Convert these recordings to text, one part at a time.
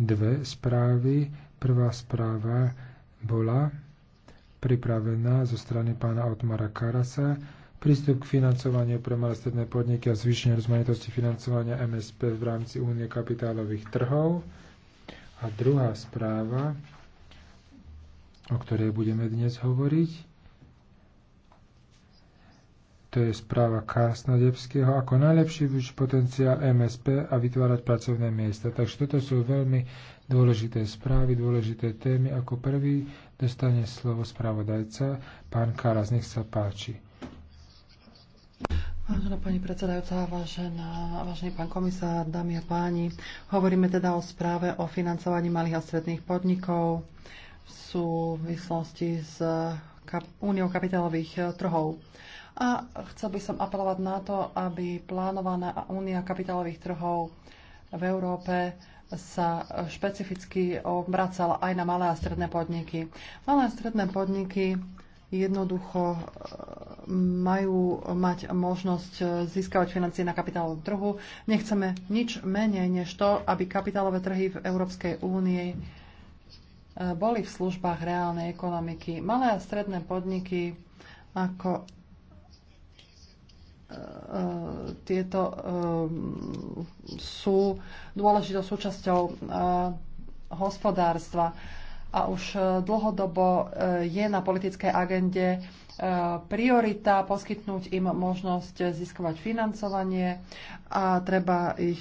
dve správy. Prvá správa bola pripravená zo strany pána Otmara Karasa, prístup k financovaniu pre malé stredné podniky a zvýšenie rozmanitosti financovania MSP v rámci únie kapitálových trhov. A druhá správa, o ktorej budeme dnes hovoriť, to je správa Krasnodebského ako najlepší využiť potenciál MSP a vytvárať pracovné miesta. Takže toto sú veľmi dôležité správy, dôležité témy. Ako prvý dostane slovo spravodajca, pán Karas, nech sa páči. Vážená pani predsedajúca, vážená, vážený pán komisár, dámy a páni, hovoríme teda o správe o financovaní malých a stredných podnikov v súvislosti s Úniou kapitálových trhov. A chcel by som apelovať na to, aby plánovaná únia kapitálových trhov v Európe sa špecificky obracala aj na malé a stredné podniky. Malé a stredné podniky jednoducho e, majú mať možnosť získavať financie na kapitálovom trhu. Nechceme nič menej než to, aby kapitálové trhy v Európskej únii e, boli v službách reálnej ekonomiky. Malé a stredné podniky, ako E, tieto e, sú dôležitou súčasťou e, hospodárstva a už dlhodobo je na politickej agende priorita poskytnúť im možnosť získovať financovanie a treba ich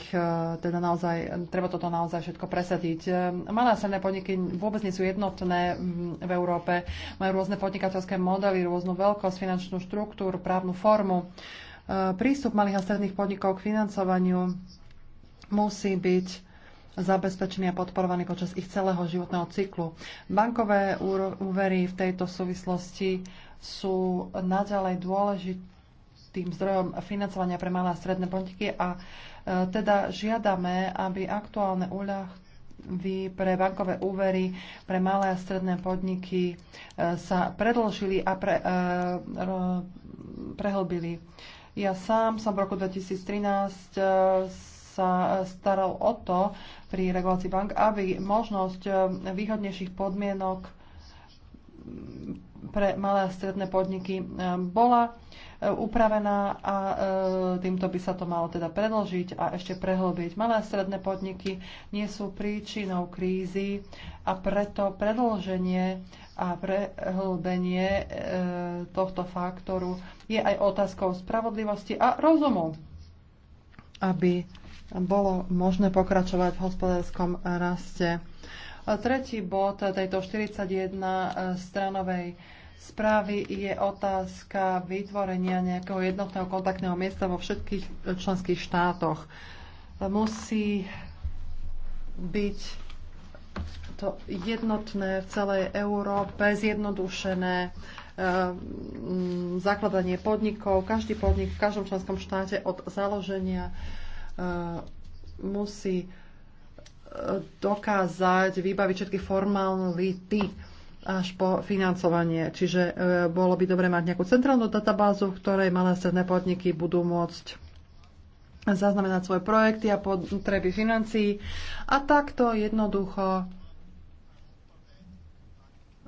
teda naozaj, treba toto naozaj všetko presadiť. Malé a stredné podniky vôbec nie sú jednotné mm, v Európe, majú rôzne podnikateľské modely, rôznu veľkosť, finančnú štruktúru, právnu formu. Prístup malých a stredných podnikov k financovaniu musí byť zabezpečený a podporovaný počas ich celého životného cyklu. Bankové úvery v tejto súvislosti sú naďalej dôležitým zdrojom financovania pre malé a stredné podniky a e, teda žiadame, aby aktuálne úľavy pre bankové úvery pre malé a stredné podniky e, sa predložili a pre, e, prehlbili. Ja sám som v roku 2013 e, sa e, staral o to pri regulácii bank, aby možnosť e, výhodnejších podmienok pre malé a stredné podniky e, bola e, upravená a e, týmto by sa to malo teda predlžiť a ešte prehlbiť. Malé a stredné podniky nie sú príčinou krízy a preto predlženie a prehlbenie tohto faktoru je aj otázkou spravodlivosti a rozumu, aby bolo možné pokračovať v hospodárskom raste. Tretí bod tejto 41 stranovej správy je otázka vytvorenia nejakého jednotného kontaktného miesta vo všetkých členských štátoch. Musí byť to jednotné v celej Európe, zjednodušené ehm, zakladanie podnikov. Každý podnik v každom členskom štáte od založenia ehm, musí dokázať vybaviť všetky formality až po financovanie. Čiže e, bolo by dobre mať nejakú centrálnu databázu, v ktorej malé stredné podniky budú môcť zaznamenať svoje projekty a potreby financií a takto jednoducho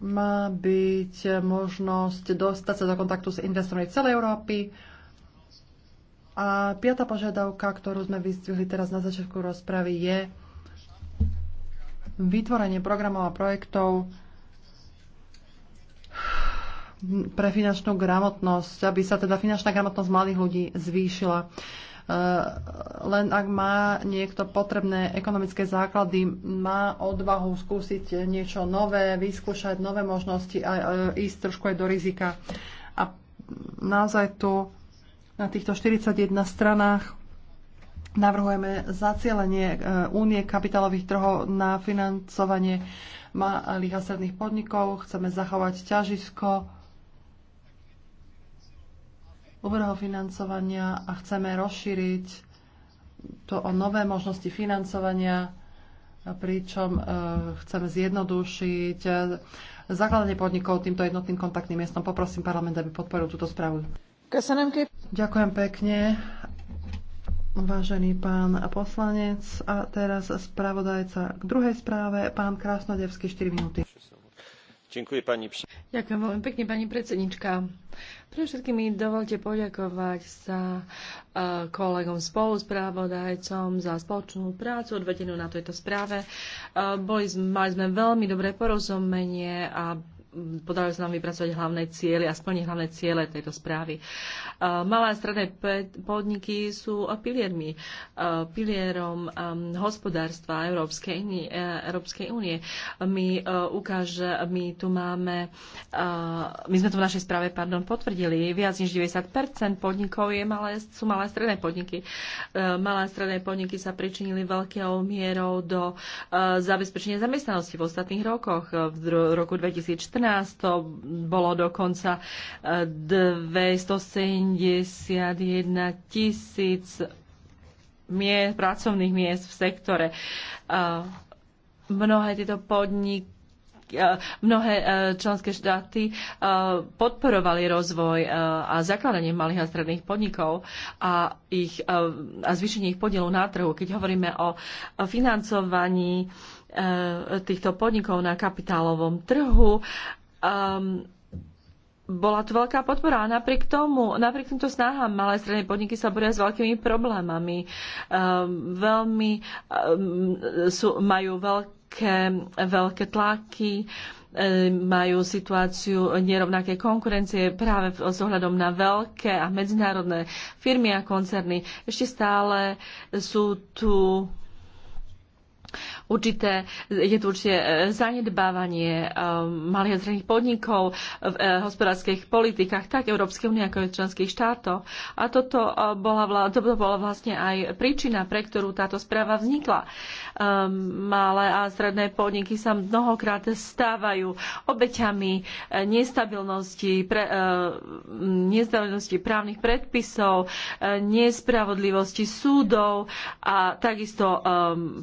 má byť možnosť dostať sa do kontaktu s investormi celej Európy. A piata požiadavka, ktorú sme vyzdvihli teraz na začiatku rozpravy, je vytvorenie programov a projektov pre finančnú gramotnosť, aby sa teda finančná gramotnosť mladých ľudí zvýšila. E, len ak má niekto potrebné ekonomické základy, má odvahu skúsiť niečo nové, vyskúšať nové možnosti a e, ísť trošku aj do rizika. A naozaj tu na týchto 41 stranách Navrhujeme zacielenie e, únie kapitálových trhov na financovanie malých a stredných podnikov. Chceme zachovať ťažisko úverho financovania a chceme rozšíriť to o nové možnosti financovania, pričom e, chceme zjednodušiť e, zakladanie podnikov týmto jednotným kontaktným miestom. Poprosím parlament, aby podporil túto správu. Ďakujem pekne. Vážený pán poslanec a teraz spravodajca k druhej správe, pán Krásnodevský, 4 minúty. Ďakujem, pani. Ďakujem veľmi pekne, pani predsednička. Pre všetky mi dovolte poďakovať sa eh, kolegom spoluspravodajcom za spoločnú prácu odvedenú na tejto správe. Eh, boli, mali sme veľmi dobré porozumenie a podarilo sa nám vypracovať hlavné ciele a splniť hlavné ciele tejto správy. E, malé a stredné podniky sú piliermi, e, pilierom hospodárstva Európskej, e, Európskej únie. My, ukáže, my tu máme, my sme tu v našej správe pardon, potvrdili, viac než 90 podnikov je malé, sú malé a stredné podniky. Malé a stredné podniky sa pričinili veľkou mierou do zabezpečenia zamestnanosti v ostatných rokoch. V roku 2014 to bolo dokonca 271 eh, tisíc miest, pracovných miest v sektore. Eh, mnohé tieto podniky eh, mnohé členské štáty podporovali rozvoj a zakladanie malých a stredných podnikov a, ich, a zvýšenie ich podielu na trhu. Keď hovoríme o financovaní Eh, týchto podnikov na kapitálovom trhu. Um, bola tu veľká podpora a napriek tomu, napriek týmto snahám malé stredné podniky sa boria s veľkými problémami. Um, veľmi um, sú, majú veľké, veľké tlaky, majú situáciu nerovnakej konkurencie práve s ohľadom na veľké a medzinárodné firmy a koncerny. Ešte stále sú tu určité, je tu určite zanedbávanie e, malých a stredných podnikov v e, hospodárskych politikách tak Európskej únie ako aj členských štátov. A toto e, bola, toto bola vlastne aj príčina, pre ktorú táto správa vznikla. Ehm, malé a stredné podniky sa mnohokrát stávajú obeťami nestabilnosti, pre, nestabilnosti právnych predpisov, nespravodlivosti súdov a takisto ehm,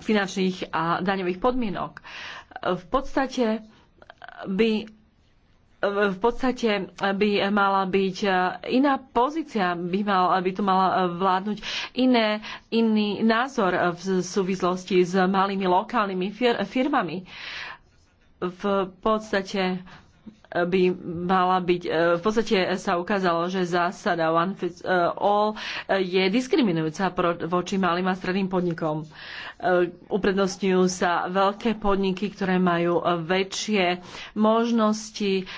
finančných a daňových podmienok. V podstate by v podstate by mala byť iná pozícia, by, mal, by tu mala vládnuť iné, iný názor v súvislosti s malými lokálnymi fir- firmami. V podstate by mala byť, e, v podstate sa ukázalo, že zásada one fits e, all e, je diskriminujúca voči malým a stredným podnikom. Uprednostňujú sa veľké podniky, ktoré majú väčšie možnosti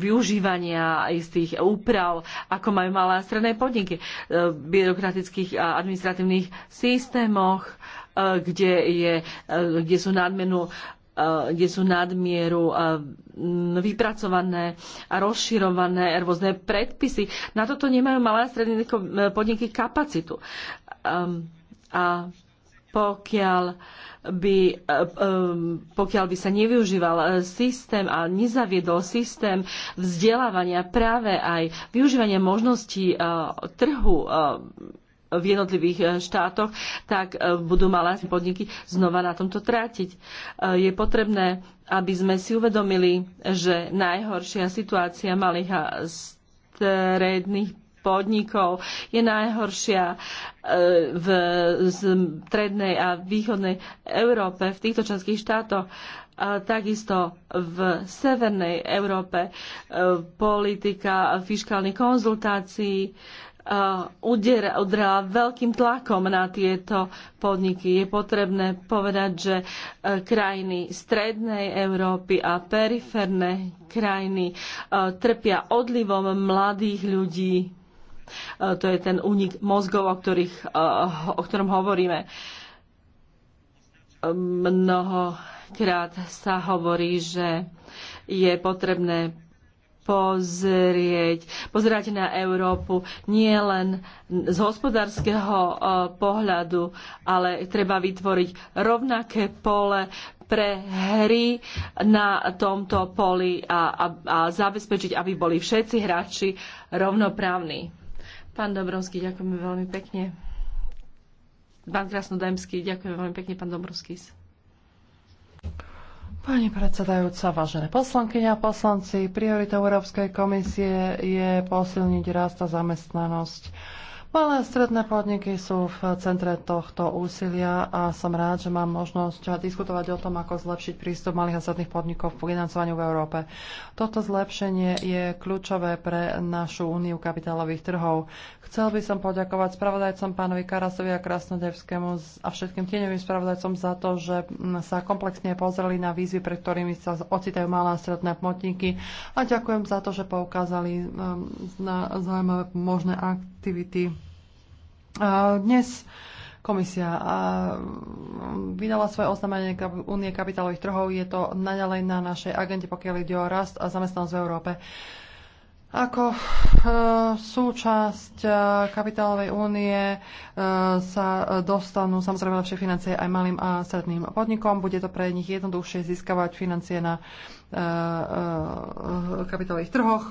využívania istých úprav, ako majú malé a stredné podniky, v byrokratických a administratívnych systémoch, kde, je, kde sú nadmenu kde sú nadmieru vypracované a rozširované rôzne predpisy. Na toto nemajú malé a stredné podniky kapacitu. Ehm, a pokiaľ by, e, ehm, pokiaľ by sa nevyužíval e, systém a nezaviedol systém vzdelávania práve aj využívania možností e, trhu v jednotlivých e, štátoch, tak e, budú malé podniky znova na tomto trátiť. E, je potrebné, aby sme si uvedomili, že najhoršia situácia malých a stredných podnikov je najhoršia v strednej a východnej Európe, v týchto členských štátoch. A takisto v severnej Európe politika fiskálnych konzultácií Uh, udrá veľkým tlakom na tieto podniky. Je potrebné povedať, že uh, krajiny strednej Európy a periférne krajiny uh, trpia odlivom mladých ľudí. To je ten únik mozgov, o, ktorých, o ktorom hovoríme. Mnohokrát sa hovorí, že je potrebné pozrieť, pozerať na Európu nie len z hospodárskeho e, pohľadu, ale treba vytvoriť rovnaké pole pre hry na tomto poli a, a, a zabezpečiť, aby boli všetci hráči rovnoprávni. Pán Dobrovský, ďakujeme veľmi pekne. Pán Krasnodajmský, ďakujem veľmi pekne, pán Dobrovský. Pani predsedajúca, vážené poslankyňa a poslanci, prioritou Európskej komisie je posilniť rast a zamestnanosť Malé a stredné podniky sú v centre tohto úsilia a som rád, že mám možnosť diskutovať o tom, ako zlepšiť prístup malých a stredných podnikov k financovaniu v Európe. Toto zlepšenie je kľúčové pre našu úniu kapitálových trhov. Chcel by som poďakovať spravodajcom pánovi Karasovi a Krasnodevskému a všetkým tieňovým spravodajcom za to, že sa komplexne pozreli na výzvy, pre ktorými sa ocitajú malé a stredné podniky a ďakujem za to, že poukázali ehm, na zaujímavé možné aktivity dnes komisia mm, vydala svoje oznámenie Únie kapitálových trhov. Je to naďalej na našej agente, pokiaľ ide o rast a zamestnanosť v Európe. Ako e, súčasť e, kapitálovej únie e, sa dostanú samozrejme lepšie financie aj malým a stredným podnikom. Bude to pre nich jednoduchšie získavať financie na e, e, kapitálových trhoch.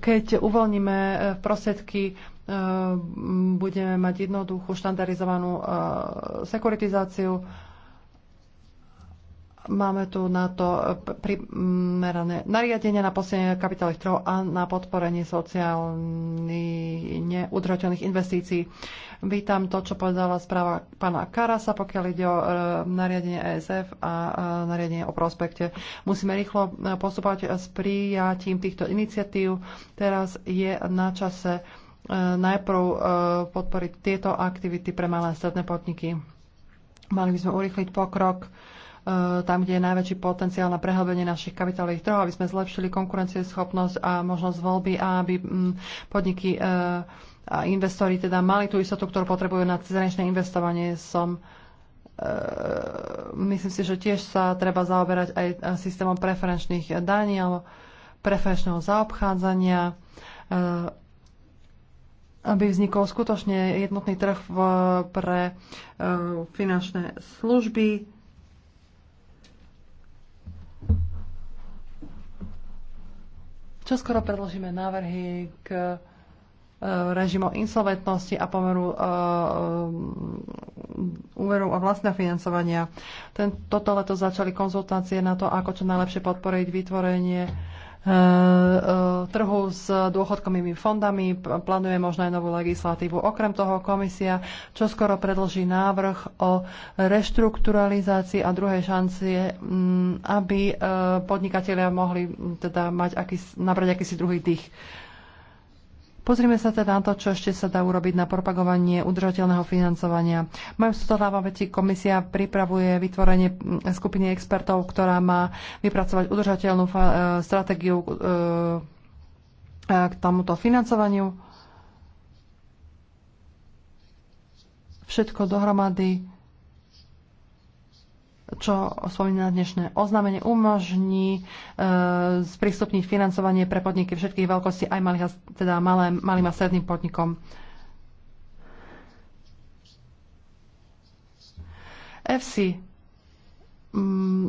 Keď uvoľníme e, prostriedky Ehm, budeme mať jednoduchú štandardizovanú e, sekuritizáciu. Máme tu na to e, primerané nariadenia na posilnenie kapitálových trhov a na podporenie sociálnych neudržateľných investícií. Vítam to, čo povedala správa pána Karasa, pokiaľ ide o e, nariadenie ESF a nariadenie o prospekte. Musíme rýchlo postupovať s prijatím týchto iniciatív. Teraz je na čase E, najprv e, podporiť tieto aktivity pre malé a stredné podniky. Mali by sme urýchliť pokrok e, tam, kde je najväčší potenciál na prehlbenie našich kapitálových trhov, aby sme zlepšili konkurencieschopnosť a možnosť voľby a aby mm, podniky a investori teda mali tú istotu, ktorú potrebujú na cezhraničné investovanie. Som myslím si, že tiež sa treba zaoberať aj systémom preferenčných daní alebo preferenčného zaobchádzania aby vznikol skutočne jednotný trh v, pre e, finančné služby. Čo skoro predložíme návrhy k e, režimu insolventnosti a pomeru e, e úverov a vlastného financovania. Ten, toto leto začali konzultácie na to, ako čo najlepšie podporiť vytvorenie E, e, trhu s dôchodkovými fondami, plánuje možno aj novú legislatívu. Okrem toho komisia čoskoro predlží návrh o reštrukturalizácii a druhej šancie, mm, aby e, podnikatelia mohli teda mať aký, nabrať akýsi druhý dých. Pozrime sa teda na to, čo ešte sa dá urobiť na propagovanie udržateľného financovania. Majú sa to dáva veci, komisia pripravuje vytvorenie mm, skupiny expertov, ktorá má vypracovať udržateľnú e, stratégiu e, k tomuto financovaniu. Všetko dohromady čo spomína dnešné oznámenie, umožní e, sprístupniť financovanie pre podniky všetkých veľkostí, aj malých, teda malé, malým a stredným podnikom. FC mm,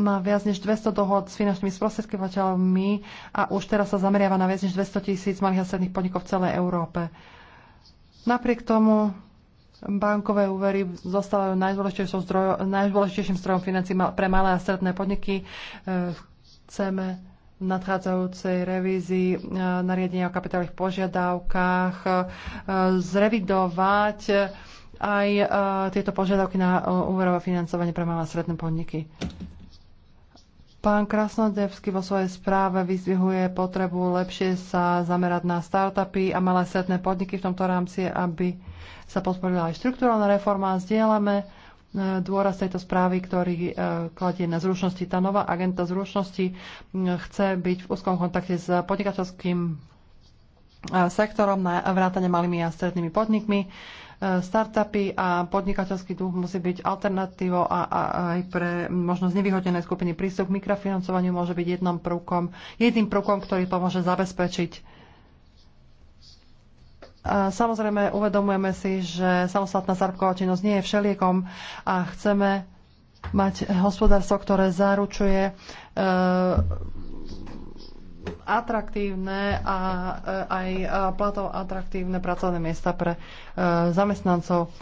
má viac než 200 dohod s finančnými sprostredkovateľmi a už teraz sa zameriava na viac než 200 tisíc malých a stredných podnikov v celej Európe. Napriek tomu Bankové úvery zostávajú najdôležitejším zdrojom, najdôležitejším zdrojom financí pre malé a stredné podniky. E, chceme v nadchádzajúcej revízii e, nariadenia o kapitálových požiadavkách e, zrevidovať aj tieto požiadavky na úverové financovanie pre malé a stredné podniky. Pán Krasnodevský vo svojej správe vyzvihuje potrebu lepšie sa zamerať na startupy a malé stredné podniky v tomto rámci, aby sa podporila aj štruktúrálna reforma a zdieľame e, dôraz tejto správy, ktorý e, kladie na zručnosti. Tá nová agenta zručnosti chce byť v úzkom kontakte s podnikateľským e, sektorom na vrátane malými a strednými podnikmi. Startupy a podnikateľský duch musí byť alternatívou a, a aj pre možno znevýhodnené skupiny prístup k mikrofinancovaniu môže byť jednom prvkom, jedným prvkom, ktorý pomôže zabezpečiť samozrejme, uvedomujeme si, že samostatná zárobková činnosť nie je všeliekom a chceme mať hospodárstvo, ktoré zaručuje e, atraktívne a e, aj e, platov atraktívne pracovné miesta pre e, zamestnancov.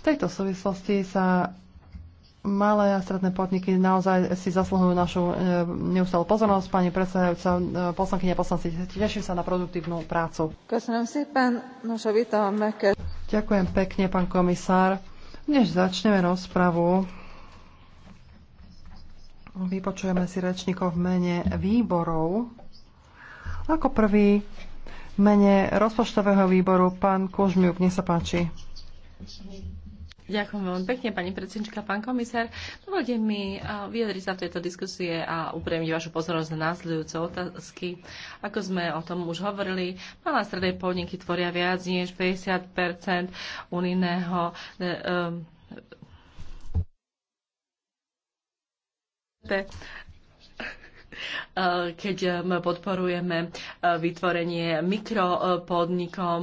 V tejto súvislosti sa Malé a stredné podniky naozaj si zasluhujú našu e, neustálu pozornosť. Pani predsedajúca, e, poslankyne poslanci, teším sa na produktívnu prácu. Ďakujem pekne, pán komisár. Než začneme rozpravu, vypočujeme si rečníkov v mene výborov. Ako prvý v mene rozpočtového výboru pán Kužmiuk, nech sa páči. Ďakujem veľmi pekne, pani predsednička, pán komisár. Dovolte mi vyjadriť sa v tejto diskusie a upriamiť vašu pozornosť na následujúce otázky. Ako sme o tom už hovorili, malé stredné podniky tvoria viac než 50 unijného um, Eh, keď eh, podporujeme eh, vytvorenie mikropodnikom,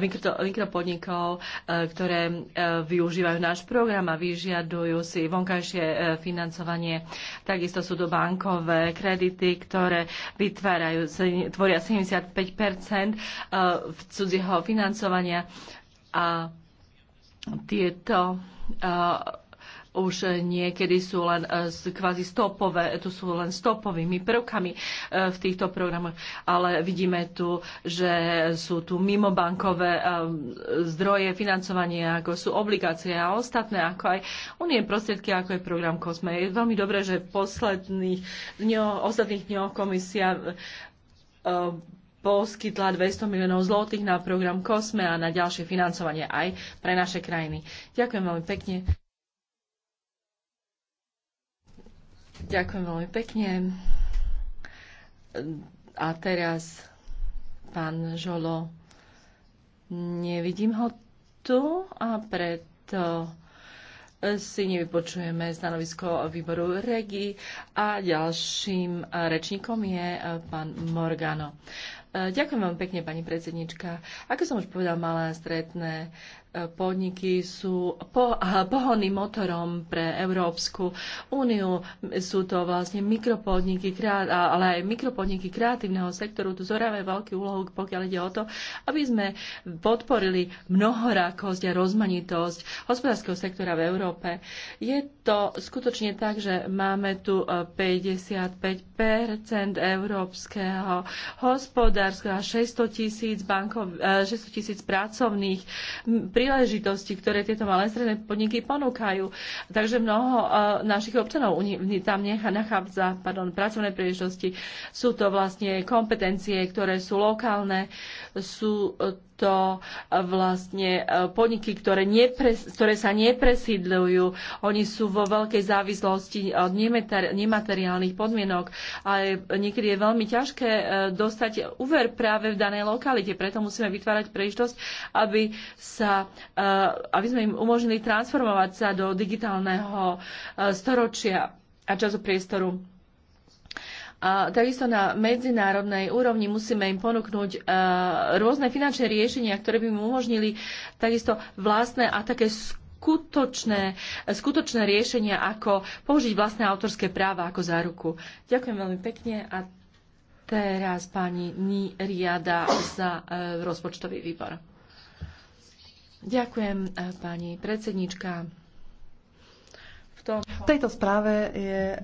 mikro, mikropodnikov, ktoré využívajú náš program a vyžiadujú si vonkajšie financovanie. Takisto sú to bankové kredity, ktoré vytvárajú, tvoria 75 v cudzieho financovania a tieto už niekedy sú len e, kvázi stopové, tu sú len stopovými prvkami e, v týchto programoch, ale vidíme tu, že sú tu mimobankové e, zdroje financovania, ako sú obligácie a ostatné, ako aj unie prostriedky, ako je program COSME. Je veľmi dobré, že v posledných dňo, ostatných dňoch komisia poskytla 200 miliónov zlotých na program COSME a na ďalšie financovanie aj pre naše krajiny. Ďakujem veľmi pekne. Ďakujem veľmi pekne. A teraz pán Žolo, nevidím ho tu a preto si nevypočujeme stanovisko výboru REGI a ďalším rečníkom je pán Morgano. Ďakujem vám pekne, pani predsednička. Ako som už povedala, malé a podniky sú po, pohonným motorom pre Európsku úniu. Sú to vlastne mikropodniky, ale aj mikropodniky kreatívneho sektoru. Tu zoráme veľkú úlohu, pokiaľ ide o to, aby sme podporili mnohorakosť a rozmanitosť hospodárskeho sektora v Európe. Je to skutočne tak, že máme tu 55 e, európskeho hospodárskeho a 600 tisíc, bankov, 600 e, tisíc pracovných pri príležitosti, ktoré tieto malé stredné podniky ponúkajú. Takže mnoho e, našich občanov tam nechá, nachádza pardon, pracovné príležitosti. Sú to vlastne kompetencie, ktoré sú lokálne, sú e, to e, vlastne e, podniky, ktoré, nepres, ktoré sa nepresídľujú. Oni sú vo veľkej závislosti e, od nemateriálnych podmienok, A niekedy je veľmi ťažké dostať úver práve v danej lokalite. Preto musíme vytvárať príležitosť, aby, sa, aby sme im umožnili transformovať sa do digitálneho storočia a časopriestoru a takisto na medzinárodnej úrovni musíme im ponúknuť e, rôzne finančné riešenia, ktoré by im umožnili takisto vlastné a také skutočné, skutočné riešenia, ako použiť vlastné autorské práva ako záruku. Ďakujem veľmi pekne a teraz pani Niriada za e, rozpočtový výbor. Ďakujem, e, pani predsednička tom... V tejto správe je e,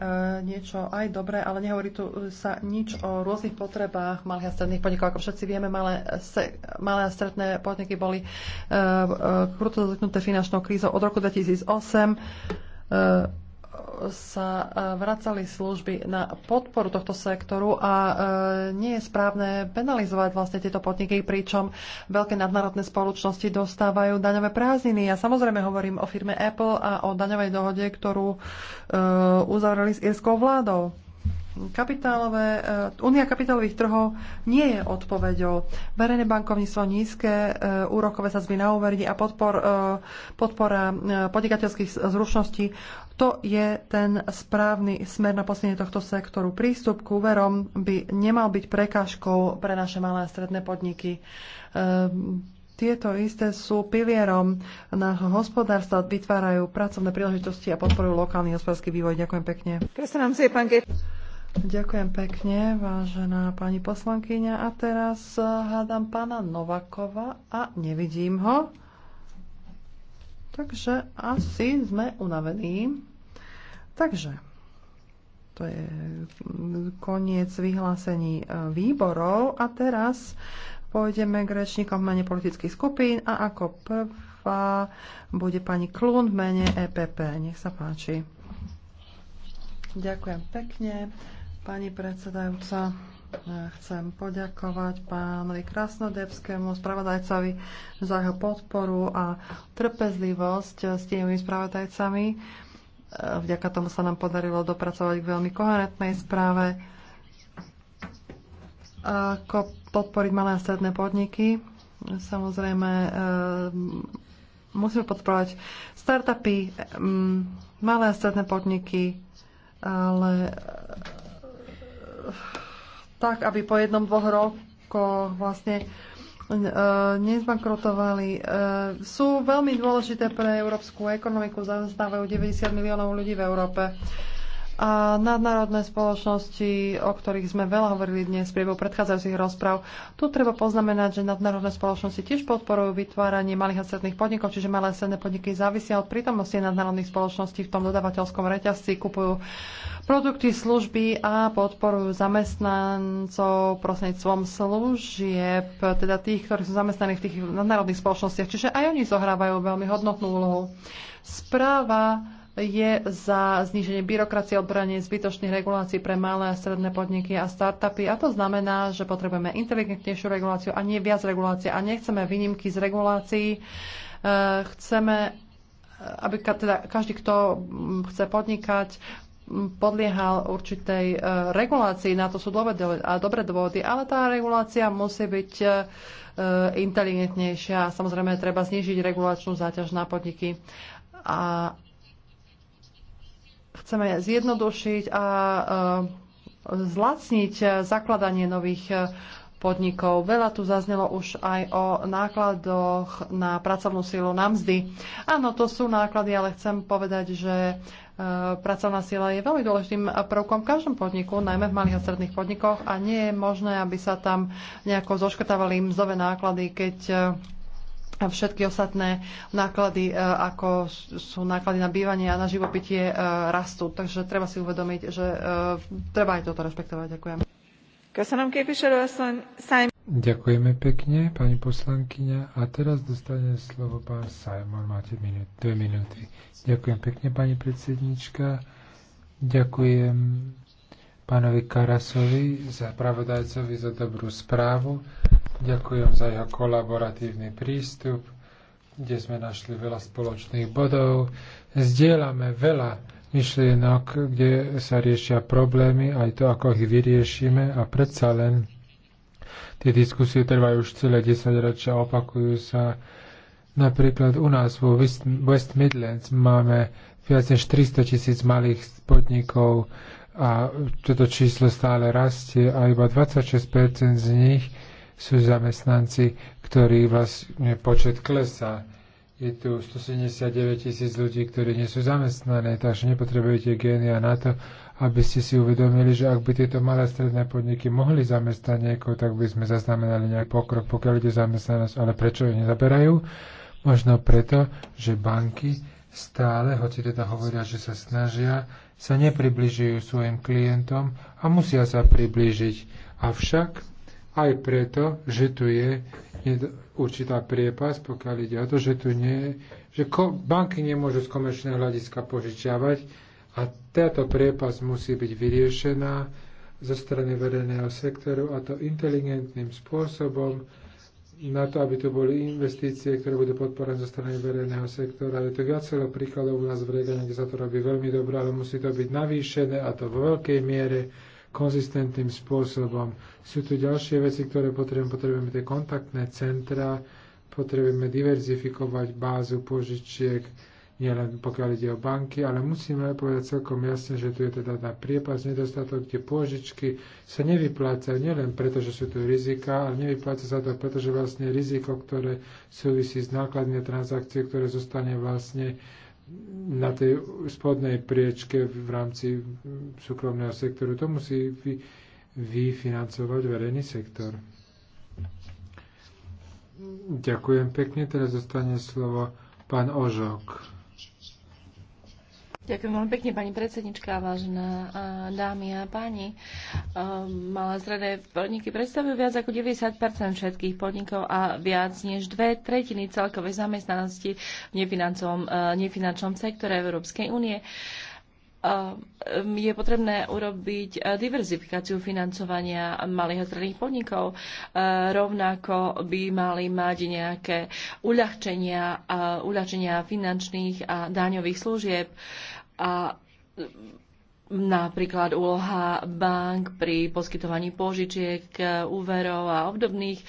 niečo aj dobré, ale nehovorí tu e, sa nič o rôznych potrebách malých a stredných podnikov. Ako všetci vieme, malé, se, malé a stredné podniky boli uh, uh, kruto dotknuté finančnou krízou od roku 2008. Uh, sa e, vracali služby na podporu tohto sektoru a e, nie je správne penalizovať vlastne tieto podniky, pričom veľké nadnárodné spoločnosti dostávajú daňové prázdniny. Ja samozrejme hovorím o firme Apple a o daňovej dohode, ktorú e, uzavreli s irskou vládou kapitálové, únia kapitálových trhov nie je odpoveďou. Verejné bankovníctvo nízke, úrokové sa zby na úvery a podpor, podpora podnikateľských zručností to je ten správny smer na posilnenie tohto sektoru. Prístup k úverom by nemal byť prekážkou pre naše malé a stredné podniky. Ehm, tieto isté sú pilierom nášho hospodárstva, vytvárajú pracovné príležitosti a podporujú lokálny hospodársky vývoj. Ďakujem pekne. Ďakujem pekne, vážená pani poslankyňa. A teraz hádam pána Novakova a nevidím ho. Takže asi sme unavení. Takže to je koniec vyhlásení e, výborov a teraz pôjdeme k rečníkom v mene politických skupín a ako prvá bude pani Klun v mene EPP. Nech sa páči. Ďakujem pekne. Pani predsedajúca, chcem poďakovať pánovi Krasnodebskému spravodajcovi za jeho podporu a trpezlivosť s tými spravodajcami Vďaka tomu sa nám podarilo dopracovať k veľmi koherentnej správe, ako podporiť malé a stredné podniky. Samozrejme, e, musíme podporovať startupy, malé a stredné podniky, ale e, tak, aby po jednom, dvoch rokoch vlastne E, nezbankrotovali. E, sú veľmi dôležité pre európsku ekonomiku, zastávajú 90 miliónov ľudí v Európe a nadnárodné spoločnosti, o ktorých sme veľa hovorili dnes v priebehu predchádzajúcich rozpráv. Tu treba poznamenať, že nadnárodné spoločnosti tiež podporujú vytváranie malých a stredných podnikov, čiže malé a stredné podniky závisia od prítomnosti nadnárodných spoločností v tom dodávateľskom reťazci, kupujú produkty, služby a podporujú zamestnancov prostredníctvom služieb, teda tých, ktorí sú zamestnaní v tých nadnárodných spoločnostiach. Čiže aj oni zohrávajú veľmi hodnotnú úlohu. Správa je za zníženie byrokracie, odbranie zbytočných regulácií pre malé a stredné podniky a startupy. A to znamená, že potrebujeme inteligentnejšiu reguláciu a nie viac regulácie. A nechceme výnimky z regulácií. E, chceme, aby teda každý, kto chce podnikať, podliehal určitej e, regulácii, na to sú a dobré dôvody, ale tá regulácia musí byť e, inteligentnejšia. Samozrejme, treba znižiť regulačnú záťaž na podniky. A Chceme zjednodušiť a e, zlacniť zakladanie nových e, podnikov. Veľa tu zaznelo už aj o nákladoch na pracovnú silu, na mzdy. Áno, to sú náklady, ale chcem povedať, že e, pracovná sila je veľmi dôležitým prvkom v každom podniku, najmä v malých a stredných podnikoch a nie je možné, aby sa tam nejako zoškrtávali mzdové náklady, keď a všetky ostatné náklady, e, ako sú náklady na bývanie a na živobytie, e, rastú. Takže treba si uvedomiť, že e, treba aj toto rešpektovať. Ďakujem. Ďakujeme pekne, pani poslankyňa. A teraz dostane slovo pán Simon. Máte minút, dve minúty. Ďakujem pekne, pani predsednička. Ďakujem pánovi Karasovi, za pravodajcovi za dobrú správu. Ďakujem za jeho kolaboratívny prístup, kde sme našli veľa spoločných bodov. Zdieľame veľa myšlienok, kde sa riešia problémy, aj to, ako ich vyriešime a predsa len tie diskusie trvajú už celé 10 ročia, opakujú sa. Napríklad u nás vo West Midlands máme viac než 300 tisíc malých podnikov a toto číslo stále rastie a iba 26% z nich sú zamestnanci, ktorí vlastne počet klesá. Je tu 179 tisíc ľudí, ktorí nie sú zamestnané, takže nepotrebujete génia na to, aby ste si uvedomili, že ak by tieto malé stredné podniky mohli zamestnať niekoho, tak by sme zaznamenali nejaký pokrok, pokiaľ ide zamestnanosť. Ale prečo ju nezaberajú? Možno preto, že banky stále, hoci teda hovoria, že sa snažia, sa nepribližujú svojim klientom a musia sa priblížiť. Avšak aj preto, že tu je určitá priepas, pokiaľ ide o to, že tu nie, že banky nemôžu z komerčného hľadiska požičiavať a táto priepas musí byť vyriešená zo strany verejného sektoru a to inteligentným spôsobom na to, aby tu boli investície, ktoré budú podporené zo strany verejného sektora. Je to viacero príkladov u nás v regióne, kde sa to robí veľmi dobre, ale musí to byť navýšené a to vo veľkej miere konzistentným spôsobom. Sú tu ďalšie veci, ktoré potrebujeme. Potrebujeme tie kontaktné centra, potrebujeme diverzifikovať bázu požičiek, nielen pokiaľ ide o banky, ale musíme povedať celkom jasne, že tu je teda tá priepas, nedostatok, kde požičky, sa nevyplácajú nielen preto, že sú tu rizika, ale nevypláca sa to, pretože vlastne riziko, ktoré súvisí s nákladmi transakciami, ktoré zostane vlastne na tej spodnej priečke v rámci súkromného sektoru. To musí vyfinancovať verejný sektor. Ďakujem pekne. Teraz zostane slovo pán Ožok. Ďakujem veľmi pekne, pani predsednička, vážená dámy a páni. Um, malé zredné podniky predstavujú viac ako 90 všetkých podnikov a viac než dve tretiny celkovej zamestnanosti v e, nefinančnom sektore Európskej únie. Ehm, je potrebné urobiť eh, diverzifikáciu financovania malých a stredných podnikov. Eh, rovnako by mali mať nejaké uľahčenia, eh, uľahčenia finančných a daňových služieb. A napríklad úloha bank pri poskytovaní požičiek, úverov a obdobných e,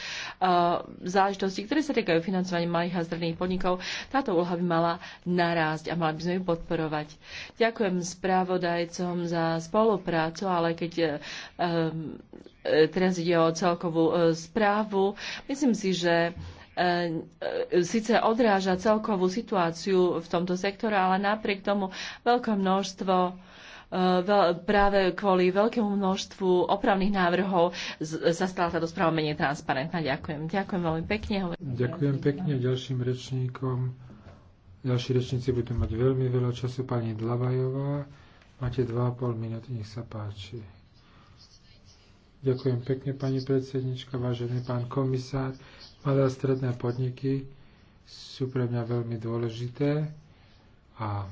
záležitostí, ktoré sa týkajú financovania malých a stredných podnikov. Táto úloha by mala narásť a mali by sme ju podporovať. Ďakujem správodajcom za spoluprácu, ale keď e, e, teraz ide o celkovú správu, myslím si, že síce odráža celkovú situáciu v tomto sektore, ale napriek tomu veľké množstvo Eh, práve kvôli veľkému množstvu opravných návrhov sa stala táto správa menej transparentná. Ďakujem. Ďakujem veľmi pekne. Ďakujem pekne ďalším rečníkom. Ďalší rečníci budú mať veľmi veľa času. Pani Dlavajová, máte 2,5 minúty, nech sa páči. Ďakujem pekne, pani predsednička, vážený pán komisár. Malé a stredné podniky sú pre mňa veľmi dôležité a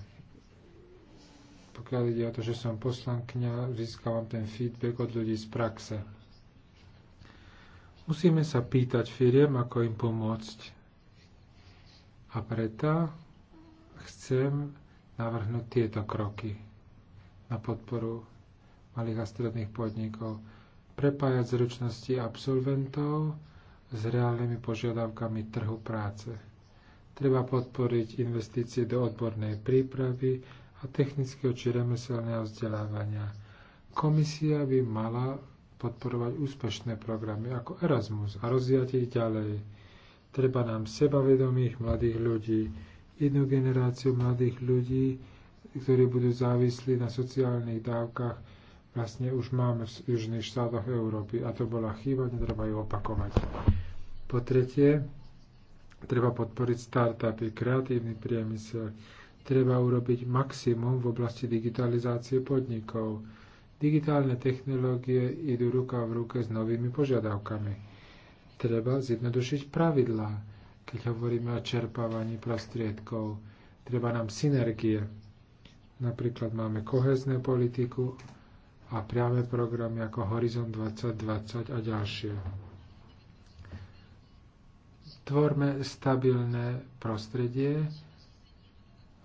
pokiaľ ide o to, že som poslankňa, získavam ten feedback od ľudí z praxe. Musíme sa pýtať firiem, ako im pomôcť. A preto chcem navrhnúť tieto kroky na podporu malých a stredných podnikov. Prepájať zručnosti absolventov s reálnymi požiadavkami trhu práce. Treba podporiť investície do odbornej prípravy a technického či remeselného vzdelávania. Komisia by mala podporovať úspešné programy ako Erasmus a rozvíjať ich ďalej. Treba nám sebavedomých mladých ľudí, jednu generáciu mladých ľudí, ktorí budú závislí na sociálnych dávkach, vlastne už máme v južných štátoch Európy a to bola chyba, netreba ju opakovať. Po tretie, treba podporiť startupy, kreatívny priemysel, treba urobiť maximum v oblasti digitalizácie podnikov. Digitálne technológie idú ruka v ruke s novými požiadavkami. Treba zjednodušiť pravidlá, keď hovoríme o čerpávaní prostriedkov. Treba nám synergie. Napríklad máme kohezné politiku a priame programy ako Horizon 2020 a ďalšie. Tvorme stabilné prostredie,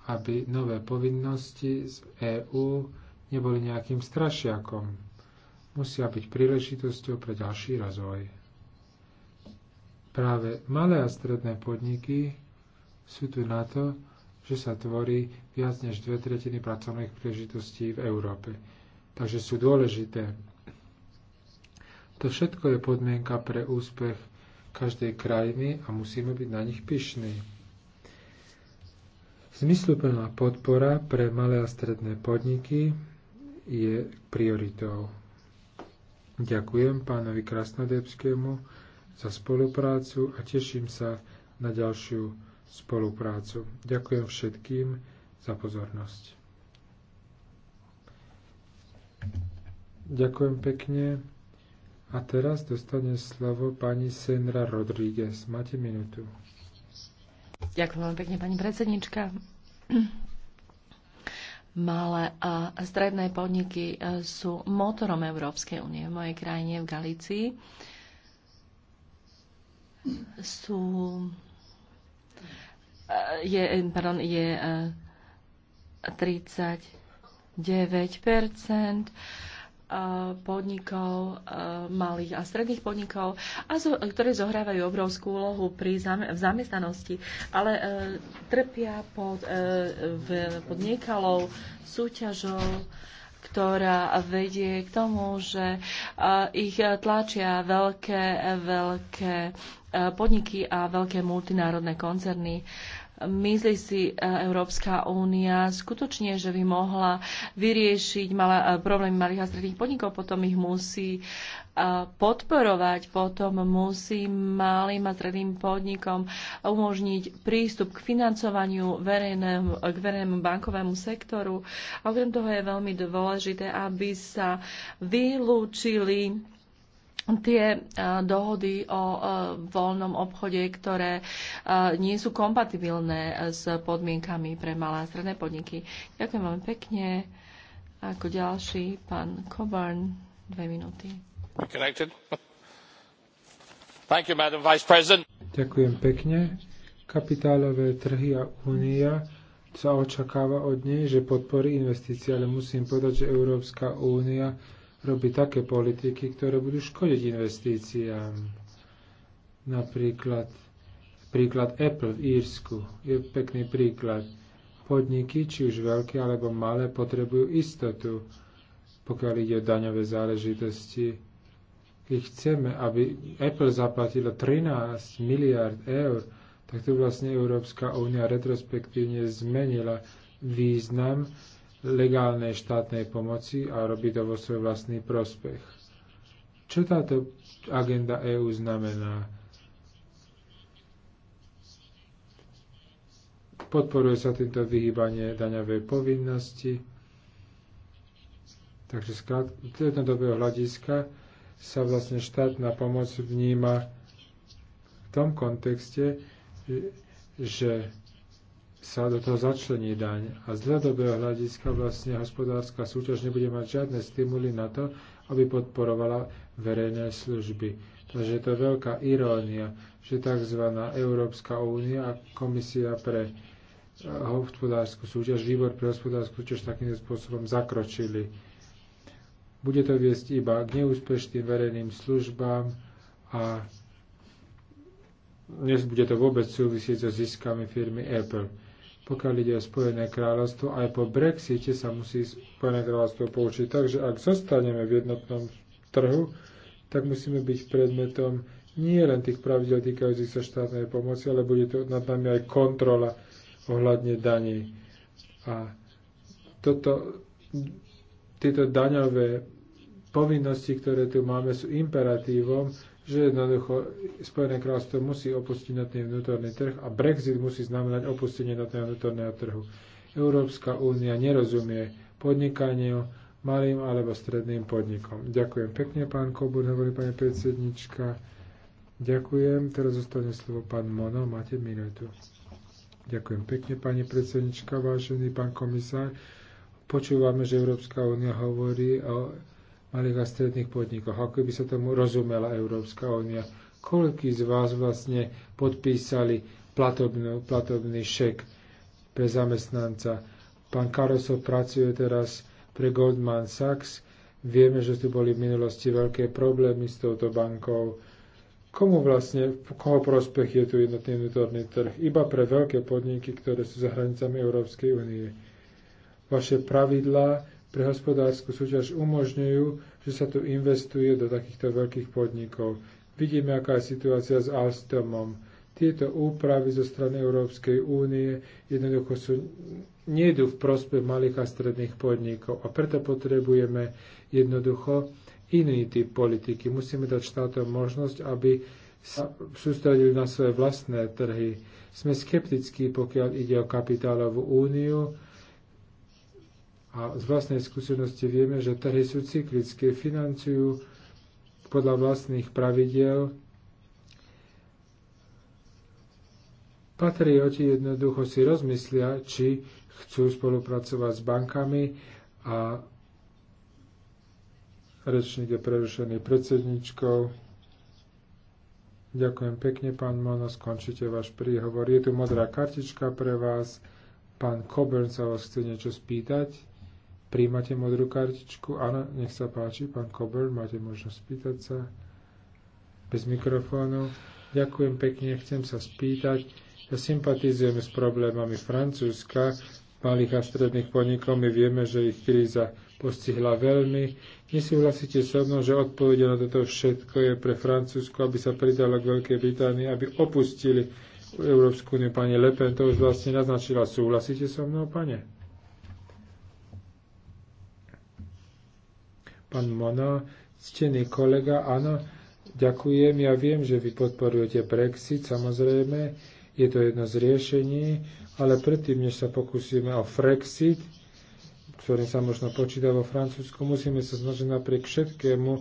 aby nové povinnosti z EÚ neboli nejakým strašiakom. Musia byť príležitosťou pre ďalší rozvoj. Práve malé a stredné podniky sú tu na to, že sa tvorí viac než dve tretiny pracovných príležitostí v Európe. Takže sú dôležité. To všetko je podmienka pre úspech každej krajiny a musíme byť na nich pyšní. Zmysluplná podpora pre malé a stredné podniky je prioritou. Ďakujem pánovi Krasnodebskému za spoluprácu a teším sa na ďalšiu spoluprácu. Ďakujem všetkým za pozornosť. Ďakujem pekne. A teraz dostane slovo pani Senra Rodríguez. Máte minútu. Ďakujem veľmi pekne, pani predsednička. Malé a stredné podniky e, sú motorom Európskej únie. V mojej krajine, v Galícii, sú e, je, pardon, je 39 e, Eh, podnikov, eh, malých a stredných podnikov, a zo, ktoré zohrávajú obrovskú úlohu pri zam, v zamestnanosti, ale e, trpia pod, e, v, pod niekalou súťažou, ktorá vedie k tomu, že e, ich tlačia veľké, veľké podniky a veľké multinárodné koncerny. E, Myslí si e, Európska únia skutočne, že by mohla vyriešiť malé, e, problémy malých a stredných podnikov, potom ich musí e, podporovať, potom musí malým a stredným podnikom umožniť prístup k financovaniu verejnému, k verejnému bankovému sektoru. A okrem toho je veľmi dôležité, aby sa vylúčili tie e, dohody o e, voľnom obchode, ktoré e, nie sú kompatibilné s podmienkami pre malé a stredné podniky. Ďakujem veľmi pekne. Ako ďalší, pán Coburn, dve minúty. Ďakujem pekne. Kapitálové trhy a únia sa očakáva od nej, že podporí investície, ale musím povedať, že Európska únia robiť také politiky, ktoré budú škodiť investíciám. Napríklad príklad Apple v Írsku je pekný príklad. Podniky, či už veľké alebo malé, potrebujú istotu, pokiaľ ide o daňové záležitosti. Keď chceme, aby Apple zaplatila 13 miliard eur, tak tu vlastne Európska únia retrospektívne zmenila význam legálnej štátnej pomoci a robí to vo svoj vlastný prospech. Čo táto agenda EÚ znamená? Podporuje sa týmto vyhýbanie daňovej povinnosti. Takže z krátkodobého hľadiska sa vlastne štátna pomoc vníma v tom kontexte, že sa do toho začlení daň. A z dlhodobého hľadiska vlastne hospodárska súťaž nebude mať žiadne stimuly na to, aby podporovala verejné služby. Takže to veľká irónia, že tzv. Európska únia a komisia pre eh, hospodárskú súťaž, výbor pre hospodárskú súťaž takýmto spôsobom zakročili. Bude to viesť iba k neúspešným verejným službám a dnes bude to vôbec súvisieť so ziskami firmy Apple pokiaľ ide o Spojené kráľovstvo, aj po Brexite sa musí Spojené kráľovstvo poučiť. Takže ak zostaneme v jednotnom trhu, tak musíme byť predmetom nie len tých pravidel týkajúcich sa štátnej pomoci, ale bude to nad nami aj kontrola ohľadne daní. A toto, tieto daňové povinnosti, ktoré tu máme, sú imperatívom, že jednoducho Spojené kráľovstvo musí opustiť na ten vnútorný trh a Brexit musí znamenať opustenie ten vnútorného trhu. Európska únia nerozumie podnikaniu malým alebo stredným podnikom. Ďakujem pekne, pán Kobur, hovorí pani predsednička. Ďakujem. Teraz zostane slovo pán Mono. Máte minútu. Ďakujem pekne, pani predsednička, vážený pán komisár. Počúvame, že Európska únia hovorí o malých a stredných podnikoch. Ako by sa tomu rozumela Európska únia? Koľký z vás vlastne podpísali platobnú, platobný šek pre zamestnanca? Pán Karosov pracuje teraz pre Goldman Sachs. Vieme, že tu boli v minulosti veľké problémy s touto bankou. Komu vlastne, koho prospech je tu jednotný vnútorný trh? Iba pre veľké podniky, ktoré sú za hranicami Európskej únie. Vaše pravidlá pre hospodárskú súťaž umožňujú, že sa tu investuje do takýchto veľkých podnikov. Vidíme, aká je situácia s Alstomom. Tieto úpravy zo strany Európskej únie jednoducho sú, nejdu v prospech malých a stredných podnikov a preto potrebujeme jednoducho iný typ politiky. Musíme dať štátom možnosť, aby sa sústredili na svoje vlastné trhy. Sme skeptickí, pokiaľ ide o kapitálovú úniu, a z vlastnej skúsenosti vieme, že trhy sú cyklické, financujú podľa vlastných pravidiel Patrioti jednoducho si rozmyslia, či chcú spolupracovať s bankami a rečník je prerušený predsedničkou. Ďakujem pekne, pán Mono, skončite váš príhovor. Je tu modrá kartička pre vás. Pán Coburn sa vás chce niečo spýtať. Príjmate modrú kartičku? Áno, nech sa páči, pán Kober, máte možnosť spýtať sa bez mikrofónu. Ďakujem pekne, chcem sa spýtať. Ja sympatizujem s problémami Francúzska, malých a stredných podnikov. My vieme, že ich kríza postihla veľmi. Nesúhlasíte so mnou, že odpovede na toto všetko je pre Francúzsko, aby sa pridalo k Veľkej Británii, aby opustili Európsku úniu. Pani Lepen to už vlastne naznačila. Súhlasíte so mnou, pane? Pán Mona, ctený kolega, áno, ďakujem. Ja viem, že vy podporujete Brexit, samozrejme. Je to jedno z riešení, ale predtým, než sa pokúsime o Frexit, ktorý sa možno počíta vo Francúzsku, musíme sa snažiť napriek všetkému